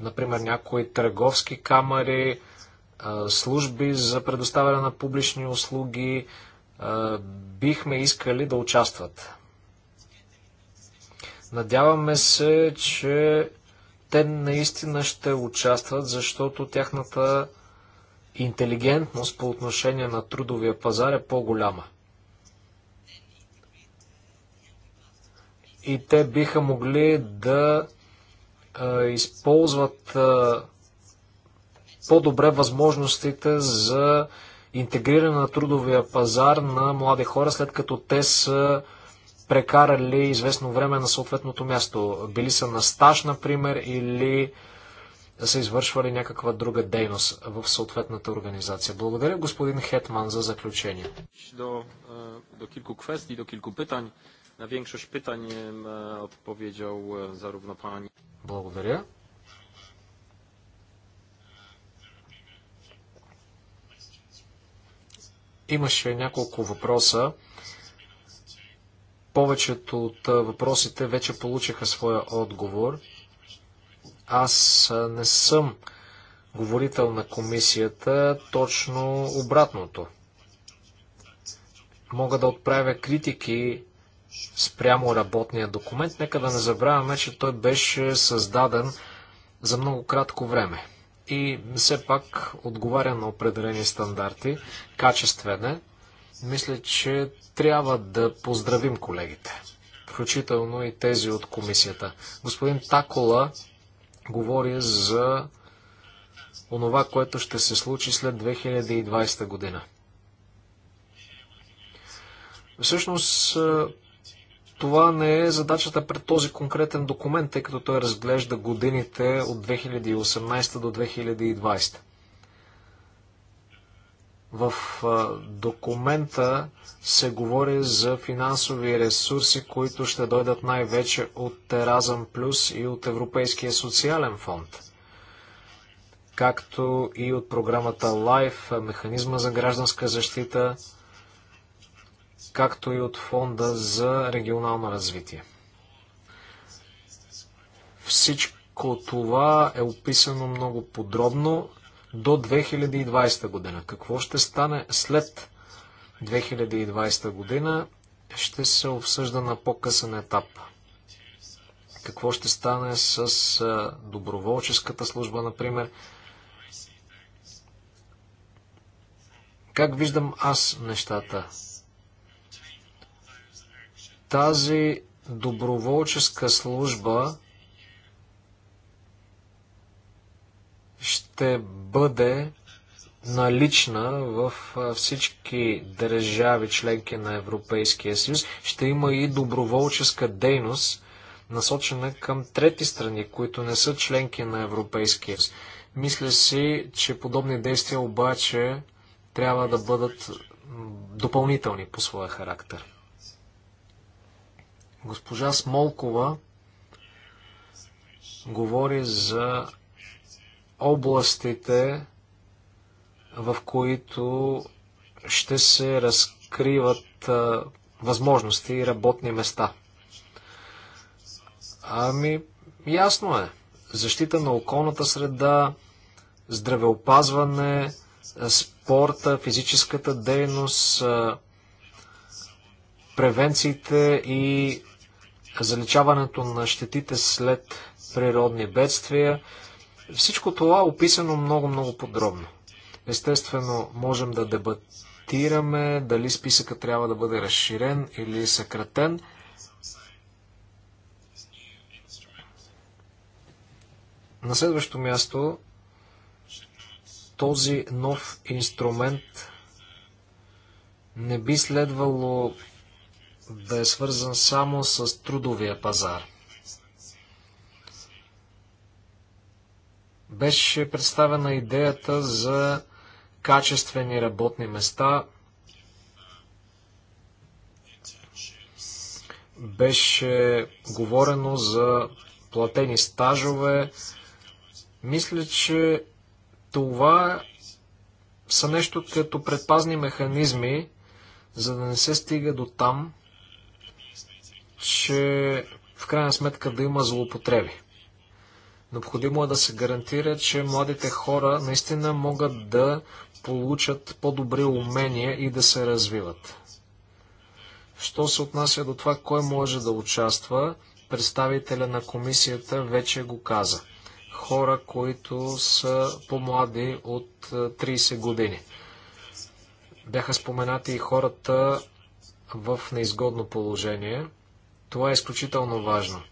например, някои търговски камери, служби за предоставяне на публични услуги, бихме искали да участват. Надяваме се, че те наистина ще участват, защото тяхната интелигентност по отношение на трудовия пазар е по-голяма. И те биха могли да а, използват по-добре възможностите за интегриране на трудовия пазар на млади хора, след като те са прекарали известно време на съответното място. Били са на стаж, например, или са извършвали някаква друга дейност в съответната организация. Благодаря господин Хетман за заключение. До, е, до кільку квести, до кільку pytań. На większość pytań е, odpowiedział е, zarówno pani. Благодаря. Имаше няколко въпроса. Повечето от въпросите вече получиха своя отговор. Аз не съм говорител на комисията, точно обратното. Мога да отправя критики спрямо работния документ. Нека да не забравяме, че той беше създаден за много кратко време и все пак отговаря на определени стандарти, качествене. Мисля, че трябва да поздравим колегите, включително и тези от комисията. Господин Такола говори за онова, което ще се случи след 2020 година. Всъщност, това не е задачата пред този конкретен документ, тъй като той разглежда годините от 2018 до 2020. В документа се говори за финансови ресурси, които ще дойдат най-вече от Еразъм Плюс и от Европейския социален фонд, както и от програмата LIFE, механизма за гражданска защита – както и от Фонда за регионално развитие. Всичко това е описано много подробно до 2020 година. Какво ще стане след 2020 година ще се обсъжда на по-късен етап. Какво ще стане с доброволческата служба, например? Как виждам аз нещата? Тази доброволческа служба ще бъде налична в всички държави членки на Европейския съюз. Ще има и доброволческа дейност, насочена към трети страни, които не са членки на Европейския съюз. Мисля си, че подобни действия обаче трябва да бъдат допълнителни по своя характер. Госпожа Смолкова говори за областите, в които ще се разкриват възможности и работни места. Ами, ясно е. Защита на околната среда, здравеопазване, спорта, физическата дейност, превенциите и заличаването на щетите след природни бедствия. Всичко това е описано много-много подробно. Естествено, можем да дебатираме дали списъка трябва да бъде разширен или съкратен. На следващо място, този нов инструмент не би следвало да е свързан само с трудовия пазар. Беше представена идеята за качествени работни места. Беше говорено за платени стажове. Мисля, че това са нещо като предпазни механизми, за да не се стига до там, че в крайна сметка да има злоупотреби. Необходимо е да се гарантира, че младите хора наистина могат да получат по-добри умения и да се развиват. Що се отнася до това, кой може да участва, представителя на комисията вече го каза. Хора, които са по-млади от 30 е, години. Бяха споменати и хората в неизгодно положение – това е изключително важно.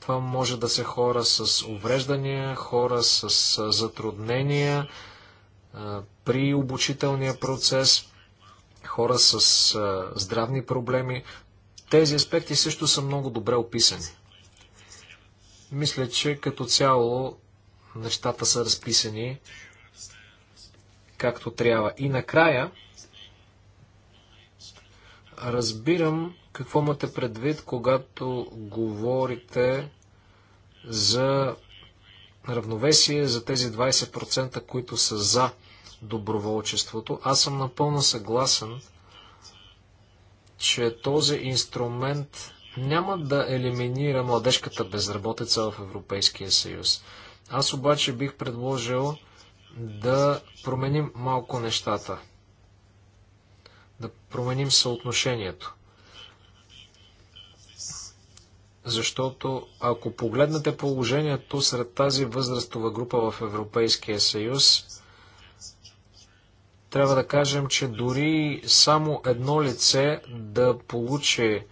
Това може да са хора с увреждания, хора с затруднения при обучителния процес, хора с здравни проблеми. Тези аспекти също са много добре описани. Мисля, че като цяло нещата са разписани както трябва. И накрая разбирам какво имате предвид, когато говорите за равновесие за тези 20%, които са за доброволчеството? Аз съм напълно съгласен, че този инструмент няма да елиминира младежката безработица в Европейския съюз. Аз обаче бих предложил да променим малко нещата. Да променим съотношението защото ако погледнете положението сред тази възрастова група в Европейския съюз, трябва да кажем, че дори само едно лице да получи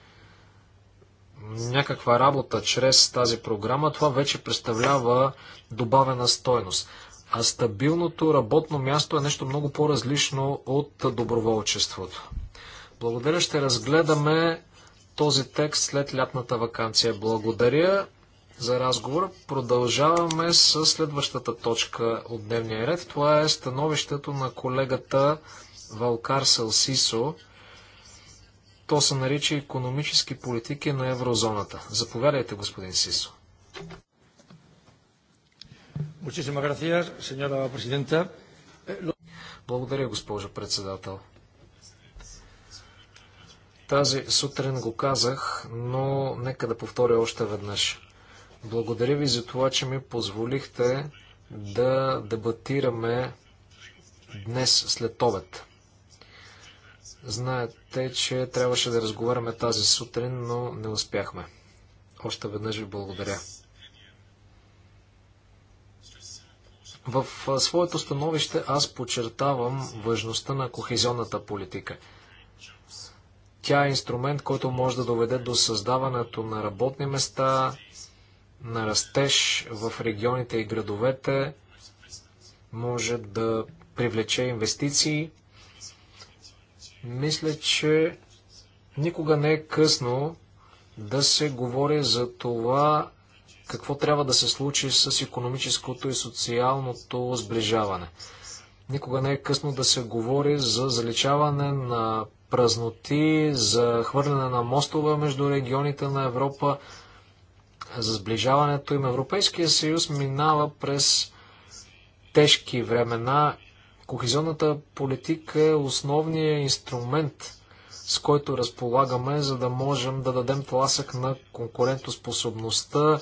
някаква работа чрез тази програма, това вече представлява добавена стойност. А стабилното работно място е нещо много по-различно от доброволчеството. Благодаря, ще разгледаме този текст след лятната вакансия. Благодаря за разговор. Продължаваме с следващата точка от дневния ред. Това е становището на колегата Валкар Салсисо. То се нарича економически политики на еврозоната. Заповядайте, господин Сисо. Благодаря, госпожо председател. Тази сутрин го казах, но нека да повторя още веднъж. Благодаря ви за това, че ми позволихте да дебатираме днес след обед. Знаете, че трябваше да разговаряме тази сутрин, но не успяхме. Още веднъж ви благодаря. В своето становище аз подчертавам важността на кохезионната политика – тя е инструмент, който може да доведе до създаването на работни места, на растеж в регионите и градовете, може да привлече инвестиции. Мисля, че никога не е късно да се говори за това какво трябва да се случи с економическото и социалното сближаване. Никога не е късно да се говори за заличаване на празноти, за хвърляне на мостове между регионите на Европа, за сближаването им. Европейския съюз минава през тежки времена. Кохезионната политика е основният инструмент, с който разполагаме, за да можем да дадем тласък на конкурентоспособността,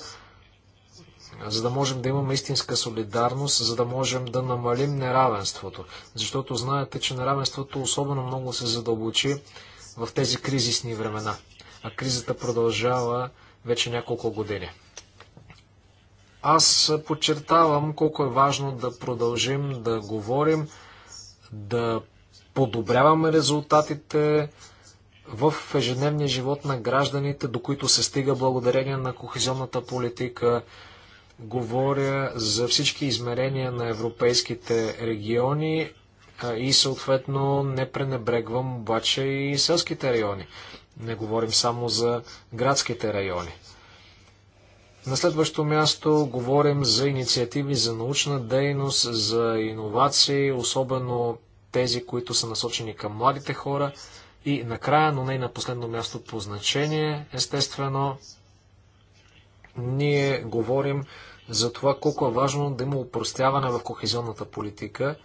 за да можем да имаме истинска солидарност, за да можем да намалим неравенството. Защото знаете, че неравенството особено много се задълбочи в тези кризисни времена. А кризата продължава вече няколко години. Аз подчертавам колко е важно да продължим да говорим, да подобряваме резултатите, в ежедневния живот на гражданите, до които се стига благодарение на кохезионната политика, Говоря за всички измерения на европейските региони и съответно не пренебрегвам обаче и селските райони. Не говорим само за градските райони. На следващо място говорим за инициативи за научна дейност, за иновации, особено тези, които са насочени към младите хора. И накрая, но не и на последно място по значение, естествено, ние говорим за това колко е важно да има упростяване в кохезионната политика,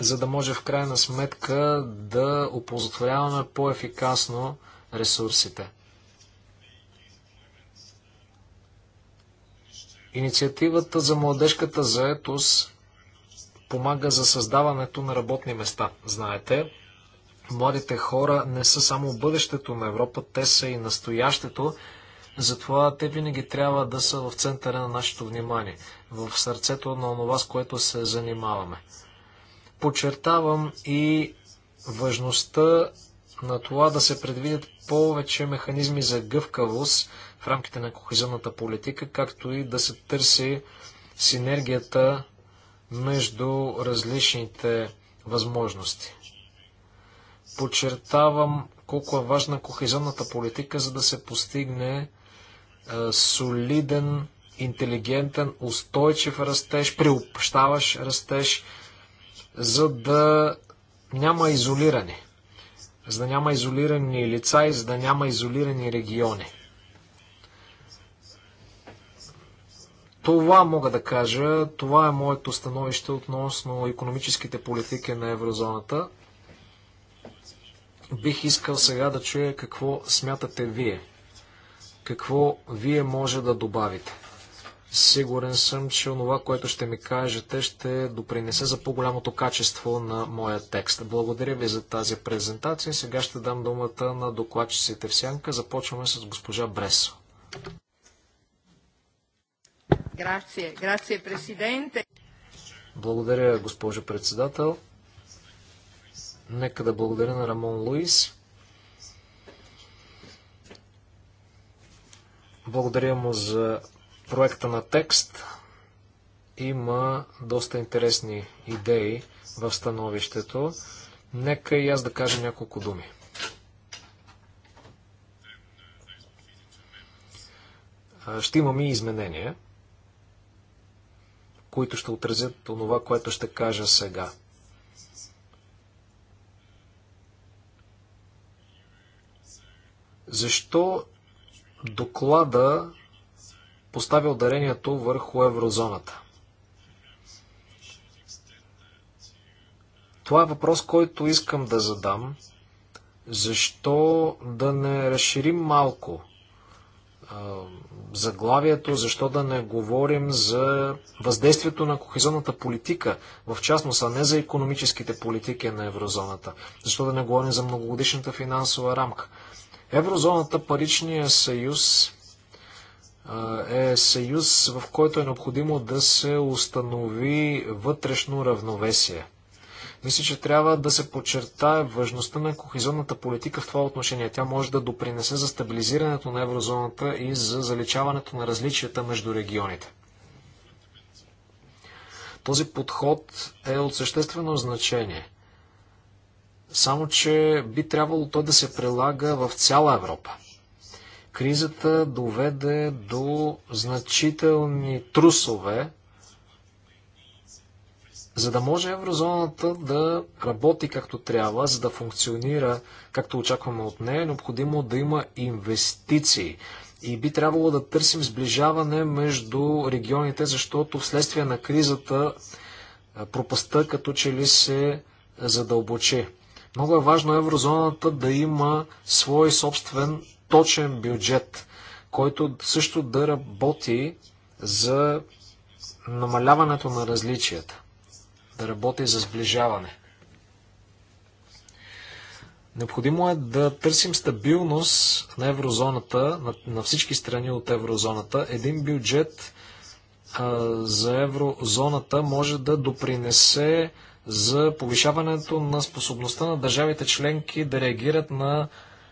за да може в крайна сметка да оползотворяваме по-ефикасно ресурсите. Инициативата за младежката заетост помага за създаването на работни места. Знаете, младите хора не са само бъдещето на Европа, те са и настоящето, затова те винаги трябва да са в центъра на нашето внимание, в сърцето на онова, с което се занимаваме. Подчертавам и важността на това да се предвидят повече механизми за гъвкавост в рамките на кохезионната политика, както и да се търси синергията между различните възможности. Подчертавам колко е важна кохезионната политика, за да се постигне е, солиден, интелигентен, устойчив растеж, приобщаваш растеж, за да няма изолиране. За да няма изолирани лица и за да няма изолирани региони. Това мога да кажа. Това е моето становище относно економическите политики на еврозоната. Бих искал сега да чуя какво смятате вие какво вие може да добавите. Сигурен съм, че онова, което ще ми кажете, ще допринесе за по-голямото качество на моя текст. Благодаря ви за тази презентация. Сега ще дам думата на докладчиците в сянка. Започваме с госпожа Бресо. Благодаря, госпожо председател. Нека да благодаря на Рамон Луис. Благодаря му за проекта на текст. Има доста интересни идеи в становището. Нека и аз да кажа няколко думи. Ще имам и изменения, които ще отразят това, което ще кажа сега. Защо Доклада поставя ударението върху еврозоната. Това е въпрос, който искам да задам. Защо да не разширим малко заглавието, защо да не говорим за въздействието на кохезионната политика, в частност, а не за економическите политики на еврозоната, защо да не говорим за многогодишната финансова рамка. Еврозоната, паричния съюз е съюз, в който е необходимо да се установи вътрешно равновесие. Мисля, че трябва да се подчертае важността на кохезионната политика в това отношение. Тя може да допринесе за стабилизирането на еврозоната и за заличаването на различията между регионите. Този подход е от съществено значение само че би трябвало той да се прилага в цяла Европа. Кризата доведе до значителни трусове, за да може еврозоната да работи както трябва, за да функционира както очакваме от нея, е необходимо да има инвестиции. И би трябвало да търсим сближаване между регионите, защото вследствие на кризата пропаста като че ли се задълбочи. Много е важно еврозоната да има свой собствен точен бюджет, който също да работи за намаляването на различията, да работи за сближаване. Необходимо е да търсим стабилност на еврозоната, на, на всички страни от еврозоната. Един бюджет а, за еврозоната може да допринесе за повишаването на способността на държавите членки да реагират на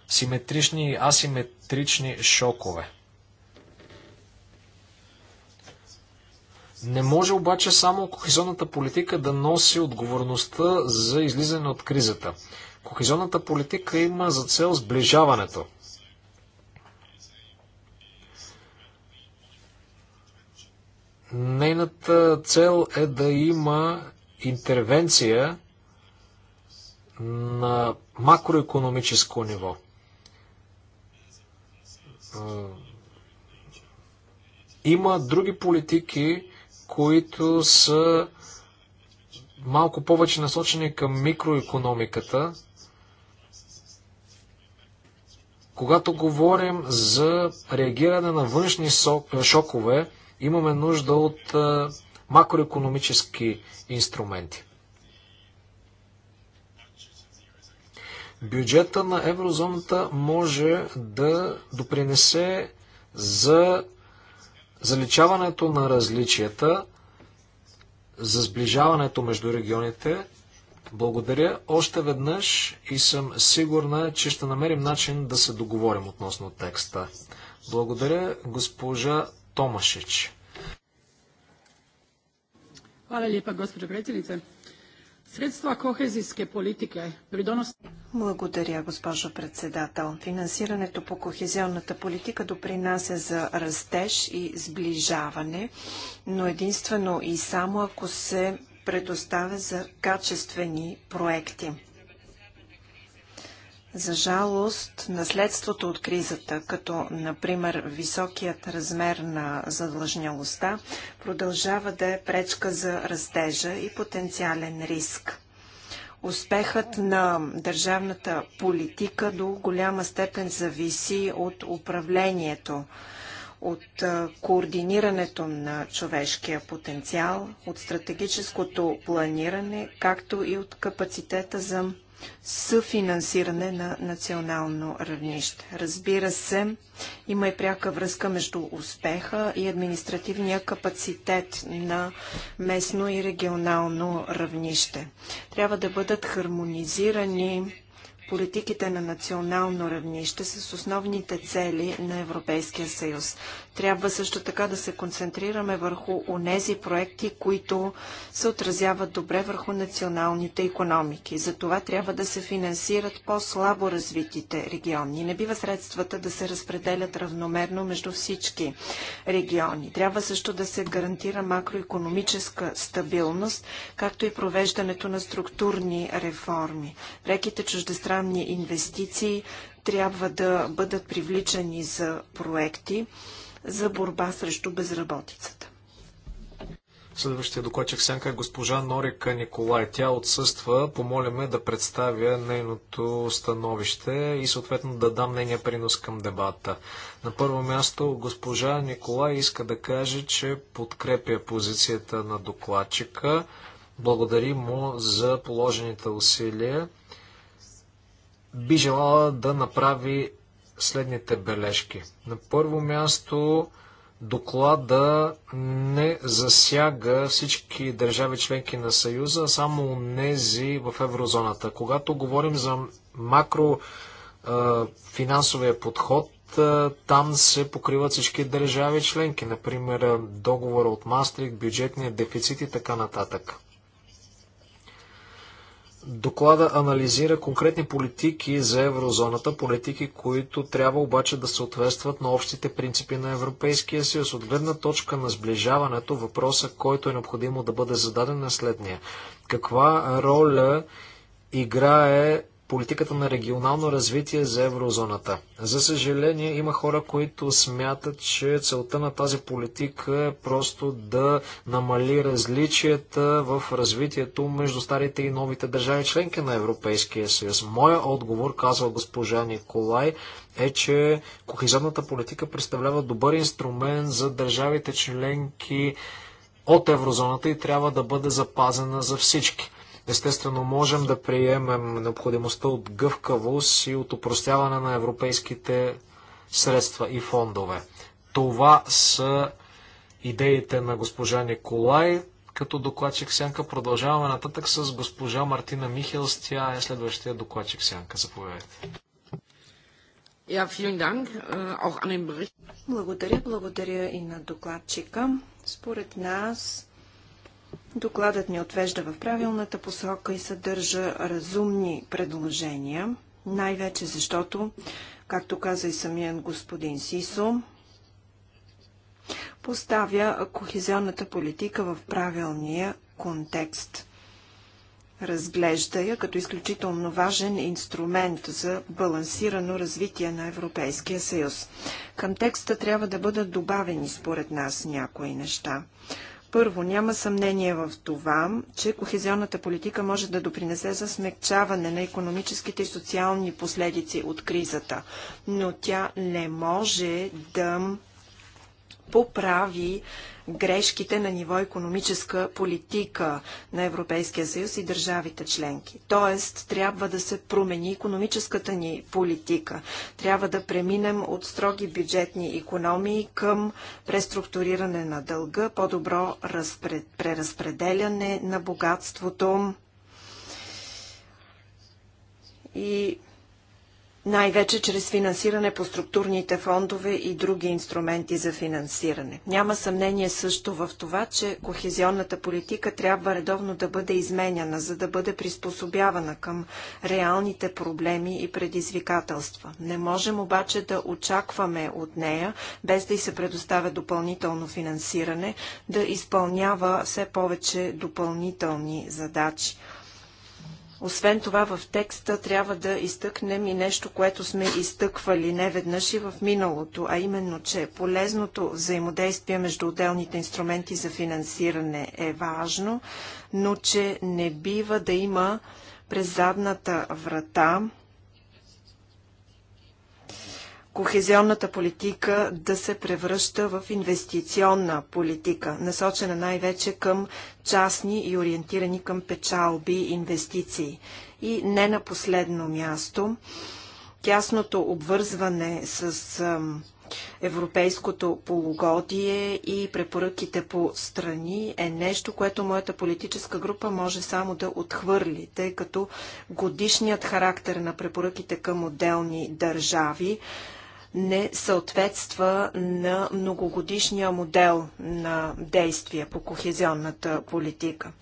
симетрични и асиметрични шокове. Не може обаче само кохезионната политика да носи отговорността за излизане от кризата. Кохезионната политика има за цел сближаването. Нейната цел е да има интервенция на макроекономическо ниво. Има други политики, които са малко повече насочени към микроекономиката. Когато говорим за реагиране на външни шокове, имаме нужда от макроекономически инструменти. Бюджета на еврозоната може да допринесе за заличаването на различията, за сближаването между регионите. Благодаря още веднъж и съм сигурна, че ще намерим начин да се договорим относно текста. Благодаря, госпожа Томашич gospođo predsjednice. Средства кохезийske политике придонос... Благодаря, госпожо председател. Финансирането по кохезионната политика допринася за растеж и сближаване, но единствено и само ако се предоставя за качествени проекти. За жалост, наследството от кризата, като например високият размер на задлъжнялостта, продължава да е пречка за растежа и потенциален риск. Успехът на държавната политика до голяма степен зависи от управлението, от координирането на човешкия потенциал, от стратегическото планиране, както и от капацитета за съфинансиране на национално равнище. Разбира се, има и пряка връзка между успеха и административния капацитет на местно и регионално равнище. Трябва да бъдат хармонизирани политиките на национално равнище с основните цели на Европейския съюз. Трябва също така да се концентрираме върху онези проекти, които се отразяват добре върху националните економики. За това трябва да се финансират по-слабо развитите региони. Не бива средствата да се разпределят равномерно между всички региони. Трябва също да се гарантира макроекономическа стабилност, както и провеждането на структурни реформи. Преките чуждестранни инвестиции трябва да бъдат привличани за проекти, за борба срещу безработицата. Следващия докладчик Сянка е госпожа Норика Николай. Тя отсъства. Помоляме да представя нейното становище и съответно да дам нейния принос към дебата. На първо място госпожа Николай иска да каже, че подкрепя позицията на докладчика. Благодари му за положените усилия. Би желала да направи следните бележки. На първо място доклада не засяга всички държави членки на Съюза, а само нези в еврозоната. Когато говорим за макро финансовия подход, там се покриват всички държави членки, например договора от Мастрик, бюджетния дефицит и така нататък. Доклада анализира конкретни политики за еврозоната, политики, които трябва обаче да съответстват на общите принципи на Европейския съюз. От гледна точка на сближаването, въпроса, който е необходимо да бъде зададен на е следния. Каква роля играе политиката на регионално развитие за еврозоната. За съжаление, има хора, които смятат, че целта на тази политика е просто да намали различията в развитието между старите и новите държави членки на Европейския съюз. Моя отговор, казва госпожа Николай, е, че кохизионната политика представлява добър инструмент за държавите членки от еврозоната и трябва да бъде запазена за всички. Естествено, можем да приемем необходимостта от гъвкавост и от упростяване на европейските средства и фондове. Това са идеите на госпожа Николай. Като докладчик Сянка продължаваме нататък с госпожа Мартина Михелс. Тя е следващия докладчик Сянка. Заповядайте. Äh, благодаря, благодаря и на докладчика. Според нас Докладът ни отвежда в правилната посока и съдържа разумни предложения, най-вече защото, както каза и самият господин Сисо, поставя кохезионната политика в правилния контекст. Разглежда я като изключително важен инструмент за балансирано развитие на Европейския съюз. Към текста трябва да бъдат добавени според нас някои неща. Първо, няма съмнение в това, че кохезионната политика може да допринесе за смягчаване на економическите и социални последици от кризата, но тя не може да поправи грешките на ниво економическа политика на Европейския съюз и държавите членки. Тоест, трябва да се промени економическата ни политика. Трябва да преминем от строги бюджетни економии към преструктуриране на дълга, по-добро разпред... преразпределяне на богатството и най-вече чрез финансиране по структурните фондове и други инструменти за финансиране. Няма съмнение също в това, че кохезионната политика трябва редовно да бъде изменяна, за да бъде приспособявана към реалните проблеми и предизвикателства. Не можем обаче да очакваме от нея, без да й се предоставя допълнително финансиране, да изпълнява все повече допълнителни задачи. Освен това в текста трябва да изтъкнем и нещо, което сме изтъквали неведнъж и в миналото, а именно, че полезното взаимодействие между отделните инструменти за финансиране е важно, но че не бива да има през задната врата кохезионната политика да се превръща в инвестиционна политика, насочена най-вече към частни и ориентирани към печалби инвестиции. И не на последно място, тясното обвързване с европейското полугодие и препоръките по страни е нещо, което моята политическа група може само да отхвърли, тъй като годишният характер на препоръките към отделни държави не съответства на многогодишния модел на действие по кохезионната политика.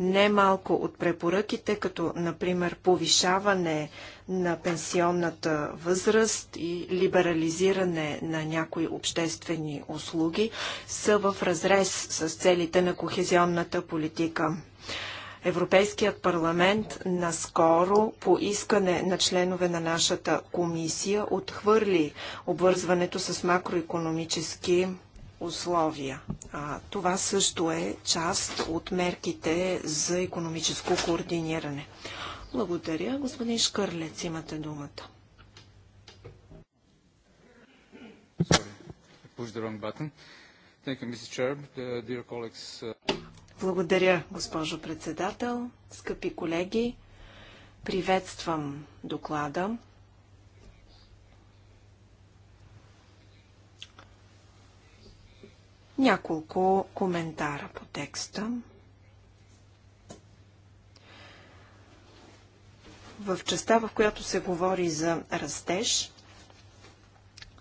Немалко от препоръките, като например повишаване на пенсионната възраст и либерализиране на някои обществени услуги, са в разрез с целите на кохезионната политика. Европейският парламент наскоро по искане на членове на нашата комисия отхвърли обвързването с макроекономически условия. А, това също е част от мерките за економическо координиране. Благодаря. Господин Шкърлец, имате думата. Sorry, I the wrong button. Thank you, Chair, dear colleagues. Uh, благодаря, госпожо председател. Скъпи колеги, приветствам доклада. Няколко коментара по текста. В частта, в която се говори за растеж,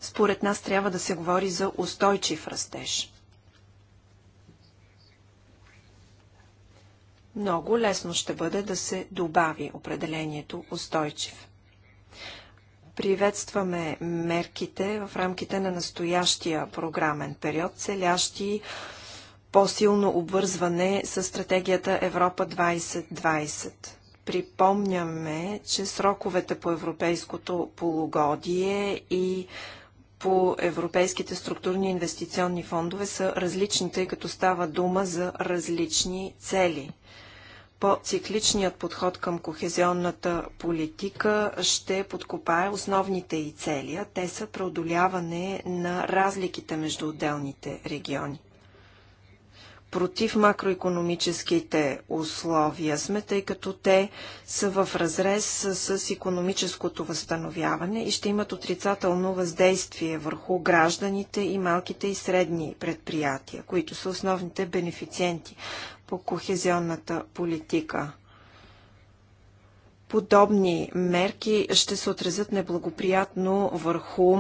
според нас трябва да се говори за устойчив растеж – много лесно ще бъде да се добави определението устойчив. Приветстваме мерките в рамките на настоящия програмен период, целящи по-силно обвързване с стратегията Европа 2020. Припомняме, че сроковете по европейското полугодие и по европейските структурни инвестиционни фондове са различни, тъй като става дума за различни цели по-цикличният подход към кохезионната политика ще подкопае основните и цели, а те са преодоляване на разликите между отделните региони. Против макроекономическите условия сме, тъй като те са в разрез с економическото възстановяване и ще имат отрицателно въздействие върху гражданите и малките и средни предприятия, които са основните бенефициенти по кохезионната политика. Подобни мерки ще се отразят неблагоприятно върху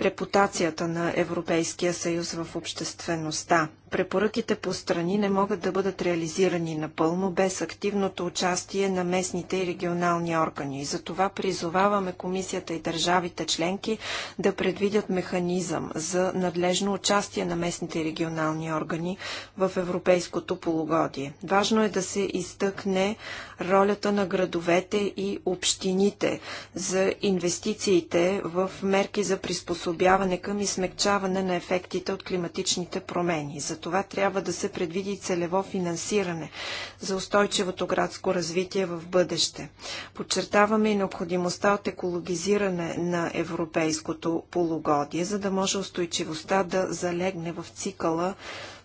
репутацията на Европейския съюз в обществеността. Препоръките по страни не могат да бъдат реализирани напълно без активното участие на местните и регионални органи. Затова призоваваме комисията и държавите членки да предвидят механизъм за надлежно участие на местните и регионални органи в европейското полугодие. Важно е да се изтъкне ролята на градовете и общините за инвестициите в мерки за приспособяване към и смягчаване на ефектите от климатичните промени. За това трябва да се предвиди целево финансиране за устойчивото градско развитие в бъдеще. Подчертаваме и необходимостта от екологизиране на европейското полугодие, за да може устойчивостта да залегне в цикъла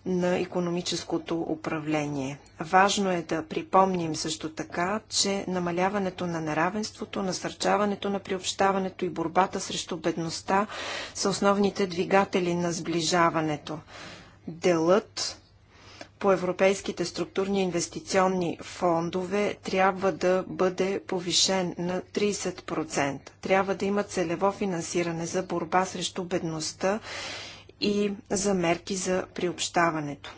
на економическото управление. Важно е да припомним също така, че намаляването на неравенството, насърчаването на приобщаването и борбата срещу бедността са основните двигатели на сближаването делът по европейските структурни инвестиционни фондове трябва да бъде повишен на 30%. Трябва да има целево финансиране за борба срещу бедността и за мерки за приобщаването.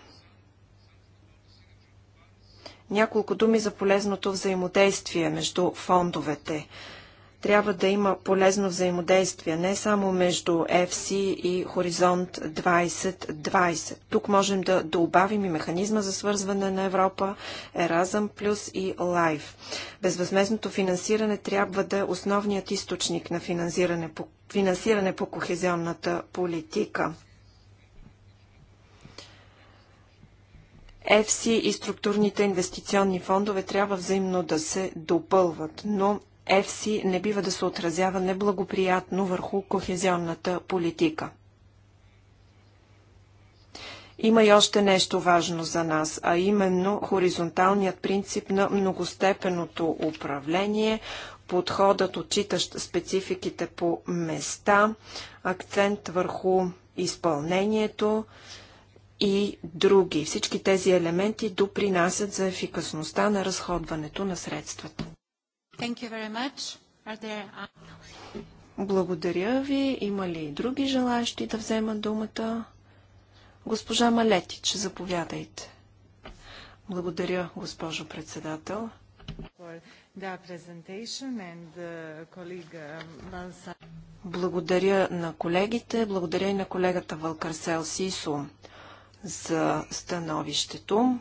Няколко думи за полезното взаимодействие между фондовете – трябва да има полезно взаимодействие не само между FC и Хоризонт 2020. Тук можем да добавим и механизма за свързване на Европа, Еразъм Плюс и LIFE. Безвъзмезното финансиране трябва да е основният източник на финансиране по, финансиране по кохезионната политика. ЕФСИ и структурните инвестиционни фондове трябва взаимно да се допълват, но ЕФСИ не бива да се отразява неблагоприятно върху кохезионната политика. Има и още нещо важно за нас, а именно хоризонталният принцип на многостепеното управление, подходът отчитащ спецификите по места, акцент върху изпълнението и други. Всички тези елементи допринасят за ефикасността на разходването на средствата. Thank you very much. Are there... Uh, благодаря ви. Има ли други желаящи да вземат думата? Госпожа Малетич, заповядайте. Благодаря, госпожо председател. Uh, благодаря на колегите, благодаря и на колегата Вълкарсел Сисо за становището.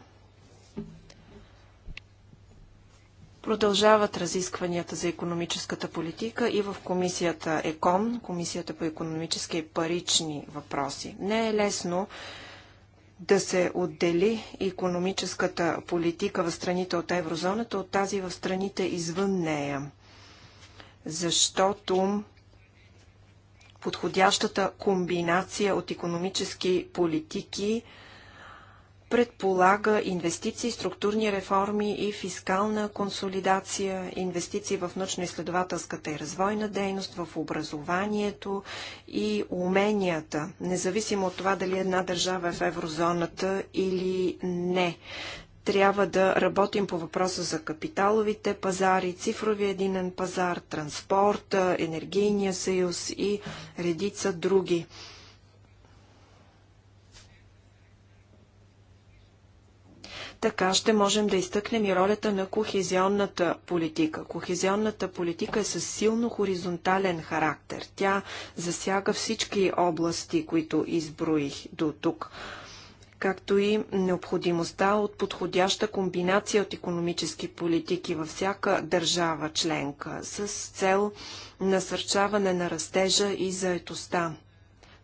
Продължават разискванията за економическата политика и в комисията ЕКОН, комисията по економически и парични въпроси. Не е лесно да се отдели економическата политика в страните от еврозоната от тази в страните извън нея. Защото подходящата комбинация от економически политики – предполага инвестиции, структурни реформи и фискална консолидация, инвестиции в научно-изследователската и развойна дейност, в образованието и уменията, независимо от това дали една държава е в еврозоната или не. Трябва да работим по въпроса за капиталовите пазари, цифровия единен пазар, транспорта, енергийния съюз и редица други Така ще можем да изтъкнем и ролята на кохезионната политика. Кохезионната политика е със силно хоризонтален характер. Тя засяга всички области, които изброих до тук както и необходимостта от подходяща комбинация от економически политики във всяка държава членка с цел насърчаване на растежа и заетостта.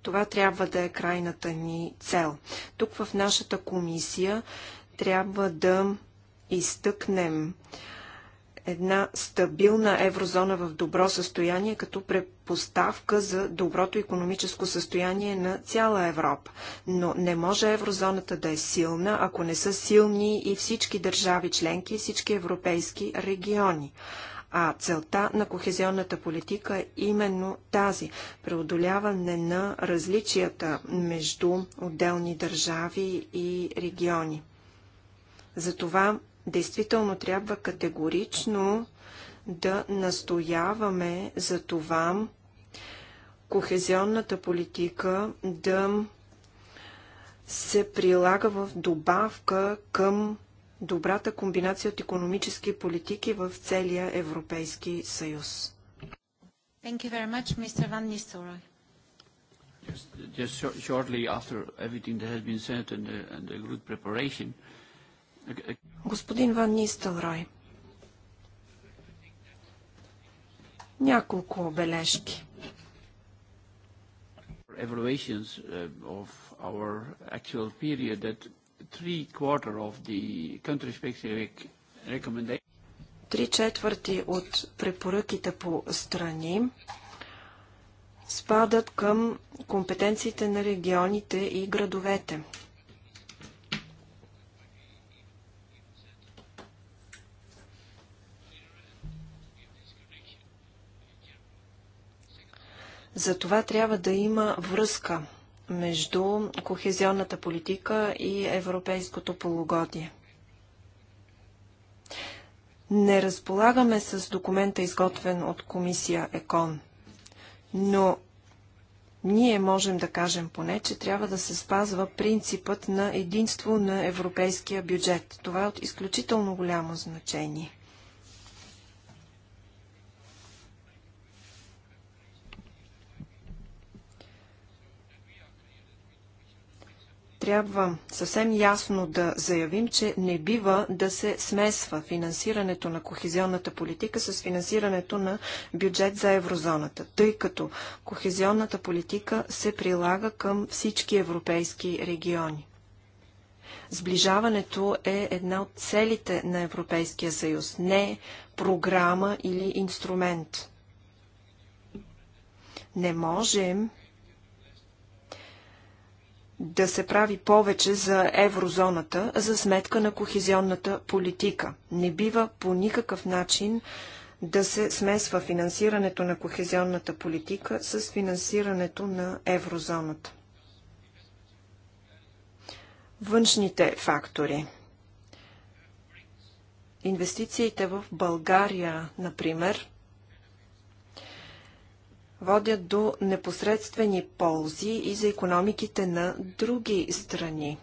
Това трябва да е крайната ни цел. Тук в нашата комисия трябва да изтъкнем една стабилна еврозона в добро състояние като предпоставка за доброто економическо състояние на цяла Европа. Но не може еврозоната да е силна, ако не са силни и всички държави членки, и всички европейски региони. А целта на кохезионната политика е именно тази – преодоляване на различията между отделни държави и региони. Затова действително трябва категорично да настояваме за това кохезионната политика да се прилага в добавка към добрата комбинация от економически политики в целия Европейски съюз. Thank you very much, Mr. Van Nistelrooy. Just, just shortly after everything that has been said and the, and the good preparation, uh, Господин Ван Нистелрой, няколко бележки. Evaluations uh, of our actual period that three quarter of the country specific Три четвърти от препоръките по страни спадат към компетенциите на регионите и градовете. Затова трябва да има връзка между кохезионната политика и европейското полугодие. Не разполагаме с документа, изготвен от комисия ЕКОН, но ние можем да кажем поне, че трябва да се спазва принципът на единство на европейския бюджет. Това е от изключително голямо значение. трябва съвсем ясно да заявим, че не бива да се смесва финансирането на кохезионната политика с финансирането на бюджет за еврозоната, тъй като кохезионната политика се прилага към всички европейски региони. Сближаването е една от целите на Европейския съюз, не програма или инструмент. Не можем да се прави повече за еврозоната за сметка на кохезионната политика. Не бива по никакъв начин да се смесва финансирането на кохезионната политика с финансирането на еврозоната. Външните фактори. Инвестициите в България, например, водят до непосредствени ползи и за економиките на други страни.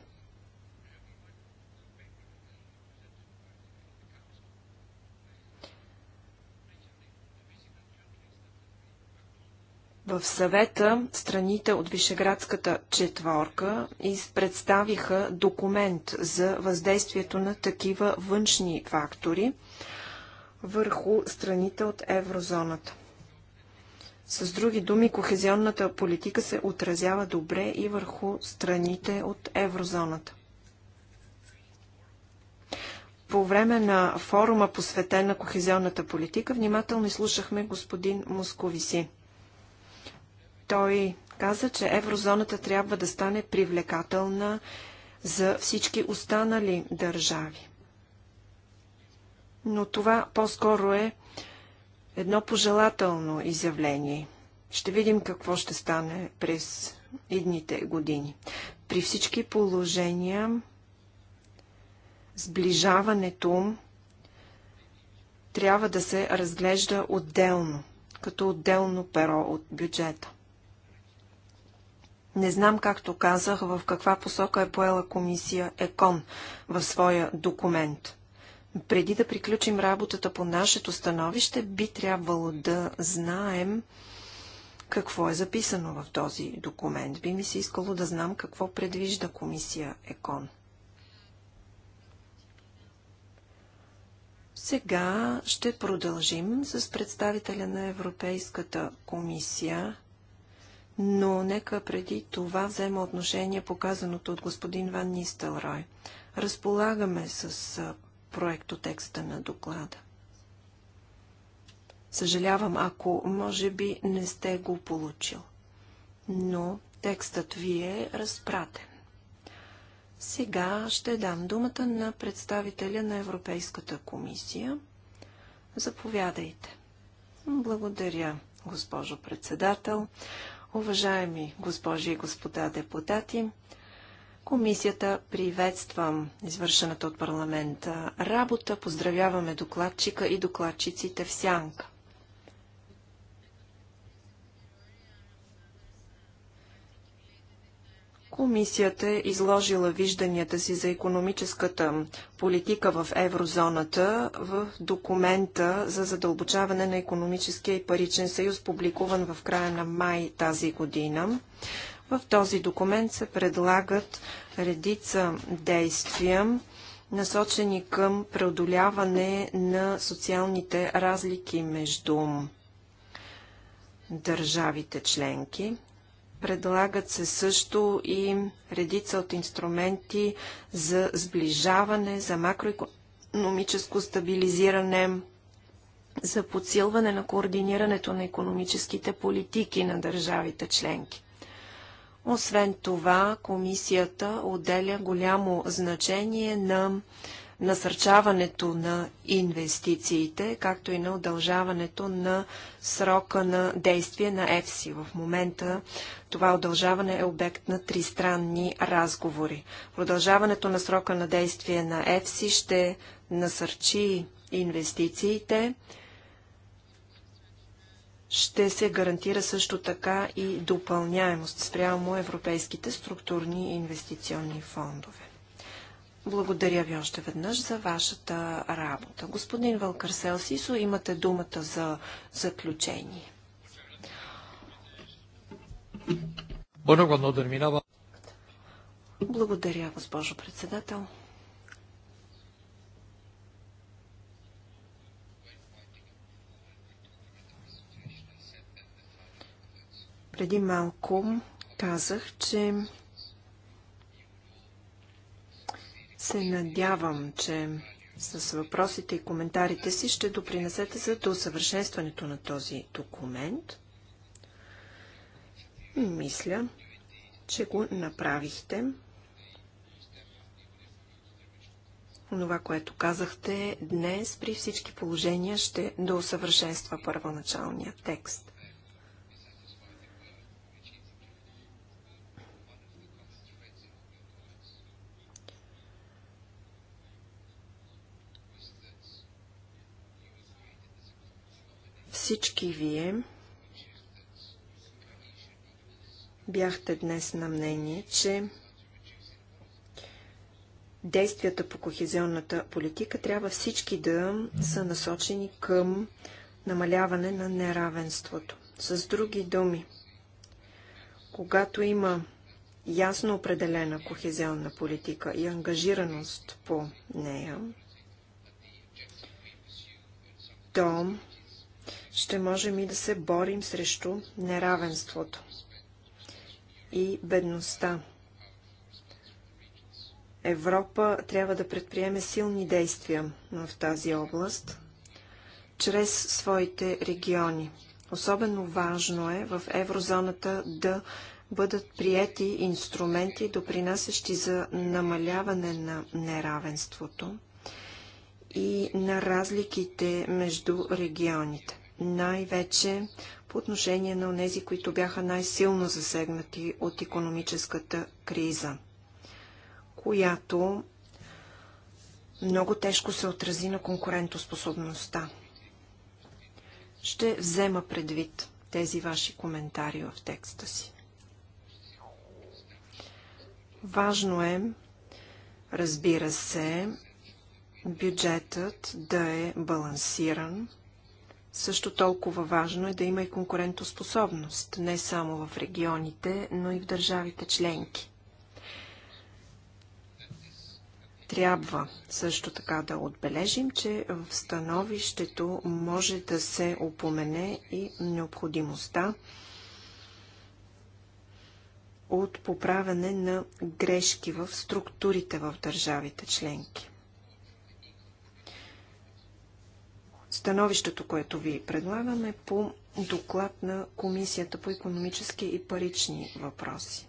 В съвета страните от Вишеградската четворка изпредставиха документ за въздействието на такива външни фактори върху страните от еврозоната. С други думи, кохезионната политика се отразява добре и върху страните от еврозоната. По време на форума, посветен на кохезионната политика, внимателно изслушахме господин Московиси. Той каза, че еврозоната трябва да стане привлекателна за всички останали държави. Но това по-скоро е едно пожелателно изявление. Ще видим какво ще стане през идните години. При всички положения сближаването трябва да се разглежда отделно, като отделно перо от бюджета. Не знам, както казах, в каква посока е поела комисия ЕКОН в своя документ – преди да приключим работата по нашето становище, би трябвало да знаем какво е записано в този документ. Би ми се искало да знам какво предвижда комисия ЕКОН. Сега ще продължим с представителя на Европейската комисия, но нека преди това взема отношение показаното от господин Ван Нистелрой. Разполагаме с проекто текста на доклада. Съжалявам, ако може би не сте го получил, но текстът ви е разпратен. Сега ще дам думата на представителя на Европейската комисия. Заповядайте. Благодаря, госпожо председател. Уважаеми госпожи и господа депутати, Комисията приветствам извършената от парламента работа. Поздравяваме докладчика и докладчиците в сянка. Комисията е изложила вижданията си за економическата политика в еврозоната в документа за задълбочаване на економическия и паричен съюз, публикуван в края на май тази година. В този документ се предлагат редица действия, насочени към преодоляване на социалните разлики между държавите членки. Предлагат се също и редица от инструменти за сближаване, за макроекономическо стабилизиране, за подсилване на координирането на економическите политики на държавите членки. Освен това, комисията отделя голямо значение на насърчаването на инвестициите, както и на удължаването на срока на действие на ЕФСИ. В момента това удължаване е обект на тристранни разговори. Продължаването на срока на действие на ЕФСИ ще насърчи инвестициите, ще се гарантира също така и допълняемост спрямо европейските структурни и инвестиционни фондове. Благодаря ви още веднъж за вашата работа. Господин Вълкарсел Сисо, имате думата за заключение. Благодаря, госпожо председател. Преди малко казах, че се надявам, че с въпросите и коментарите си ще допринесете за усъвършенстването на този документ. Мисля, че го направихте. Това, което казахте днес, при всички положения ще доусъвършенства първоначалния текст. всички вие бяхте днес на мнение, че действията по кохезионната политика трябва всички да са насочени към намаляване на неравенството. С други думи, когато има ясно определена кохезионна политика и ангажираност по нея, то ще можем и да се борим срещу неравенството и бедността. Европа трябва да предприеме силни действия в тази област, чрез своите региони. Особено важно е в еврозоната да бъдат приети инструменти, допринасящи за намаляване на неравенството и на разликите между регионите най-вече по отношение на тези, които бяха най-силно засегнати от економическата криза, която много тежко се отрази на конкурентоспособността. Ще взема предвид тези ваши коментари в текста си. Важно е, разбира се, бюджетът да е балансиран, също толкова важно е да има и конкурентоспособност, не само в регионите, но и в държавите членки. Трябва също така да отбележим, че в становището може да се упомене и необходимостта от поправяне на грешки в структурите в държавите членки. становището, което ви предлагаме по доклад на Комисията по економически и парични въпроси.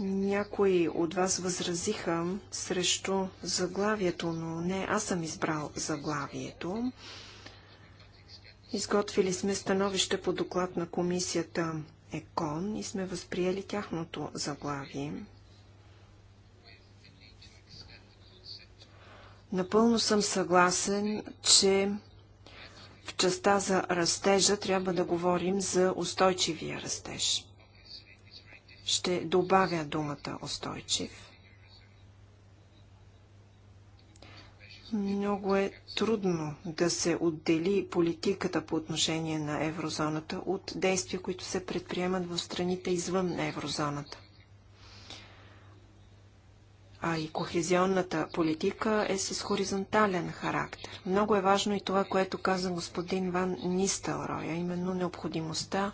Някои от вас възразиха срещу заглавието, но не аз съм избрал заглавието. Изготвили сме становище по доклад на комисията ЕКОН и сме възприели тяхното заглавие. Напълно съм съгласен, че в частта за растежа трябва да говорим за устойчивия растеж. Ще добавя думата устойчив. Много е трудно да се отдели политиката по отношение на еврозоната от действия, които се предприемат в страните извън еврозоната. А и кохезионната политика е с хоризонтален характер. Много е важно и това, което каза господин Ван Нистелрой, а именно необходимостта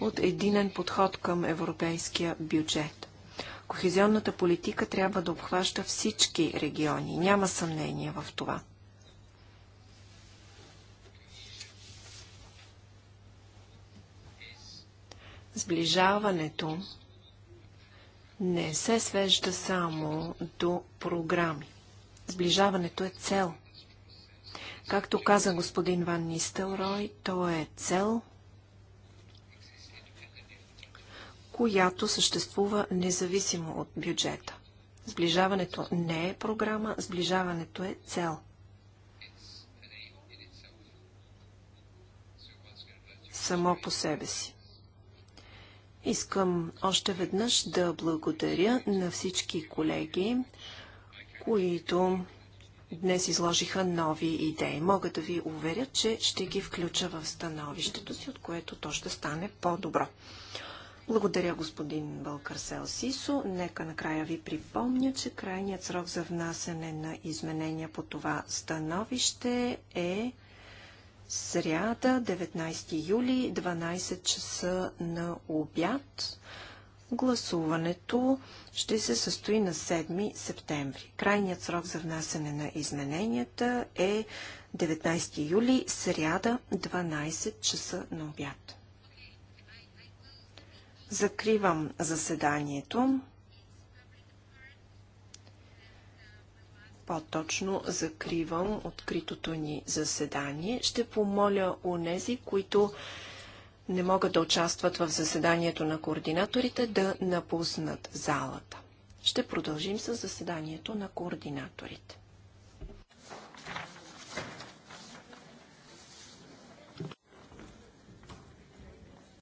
от единен подход към европейския бюджет. Кохезионната политика трябва да обхваща всички региони. Няма съмнение в това. Сближаването не се свежда само до програми. Сближаването е цел. Както каза господин Ван Нистелрой, то е цел – която съществува независимо от бюджета. Сближаването не е програма, сближаването е цел. Само по себе си. Искам още веднъж да благодаря на всички колеги, които днес изложиха нови идеи. Мога да ви уверя, че ще ги включа в становището си, от което то ще стане по-добро. Благодаря, господин Бълкарсел Сисо. Нека накрая ви припомня, че крайният срок за внасяне на изменения по това становище е сряда, 19 юли, 12 часа на обяд. Гласуването ще се състои на 7 септември. Крайният срок за внасяне на измененията е 19 юли, сряда, 12 часа на обяд. Закривам заседанието. По-точно закривам откритото ни заседание. Ще помоля унези, които не могат да участват в заседанието на координаторите, да напуснат залата. Ще продължим с заседанието на координаторите.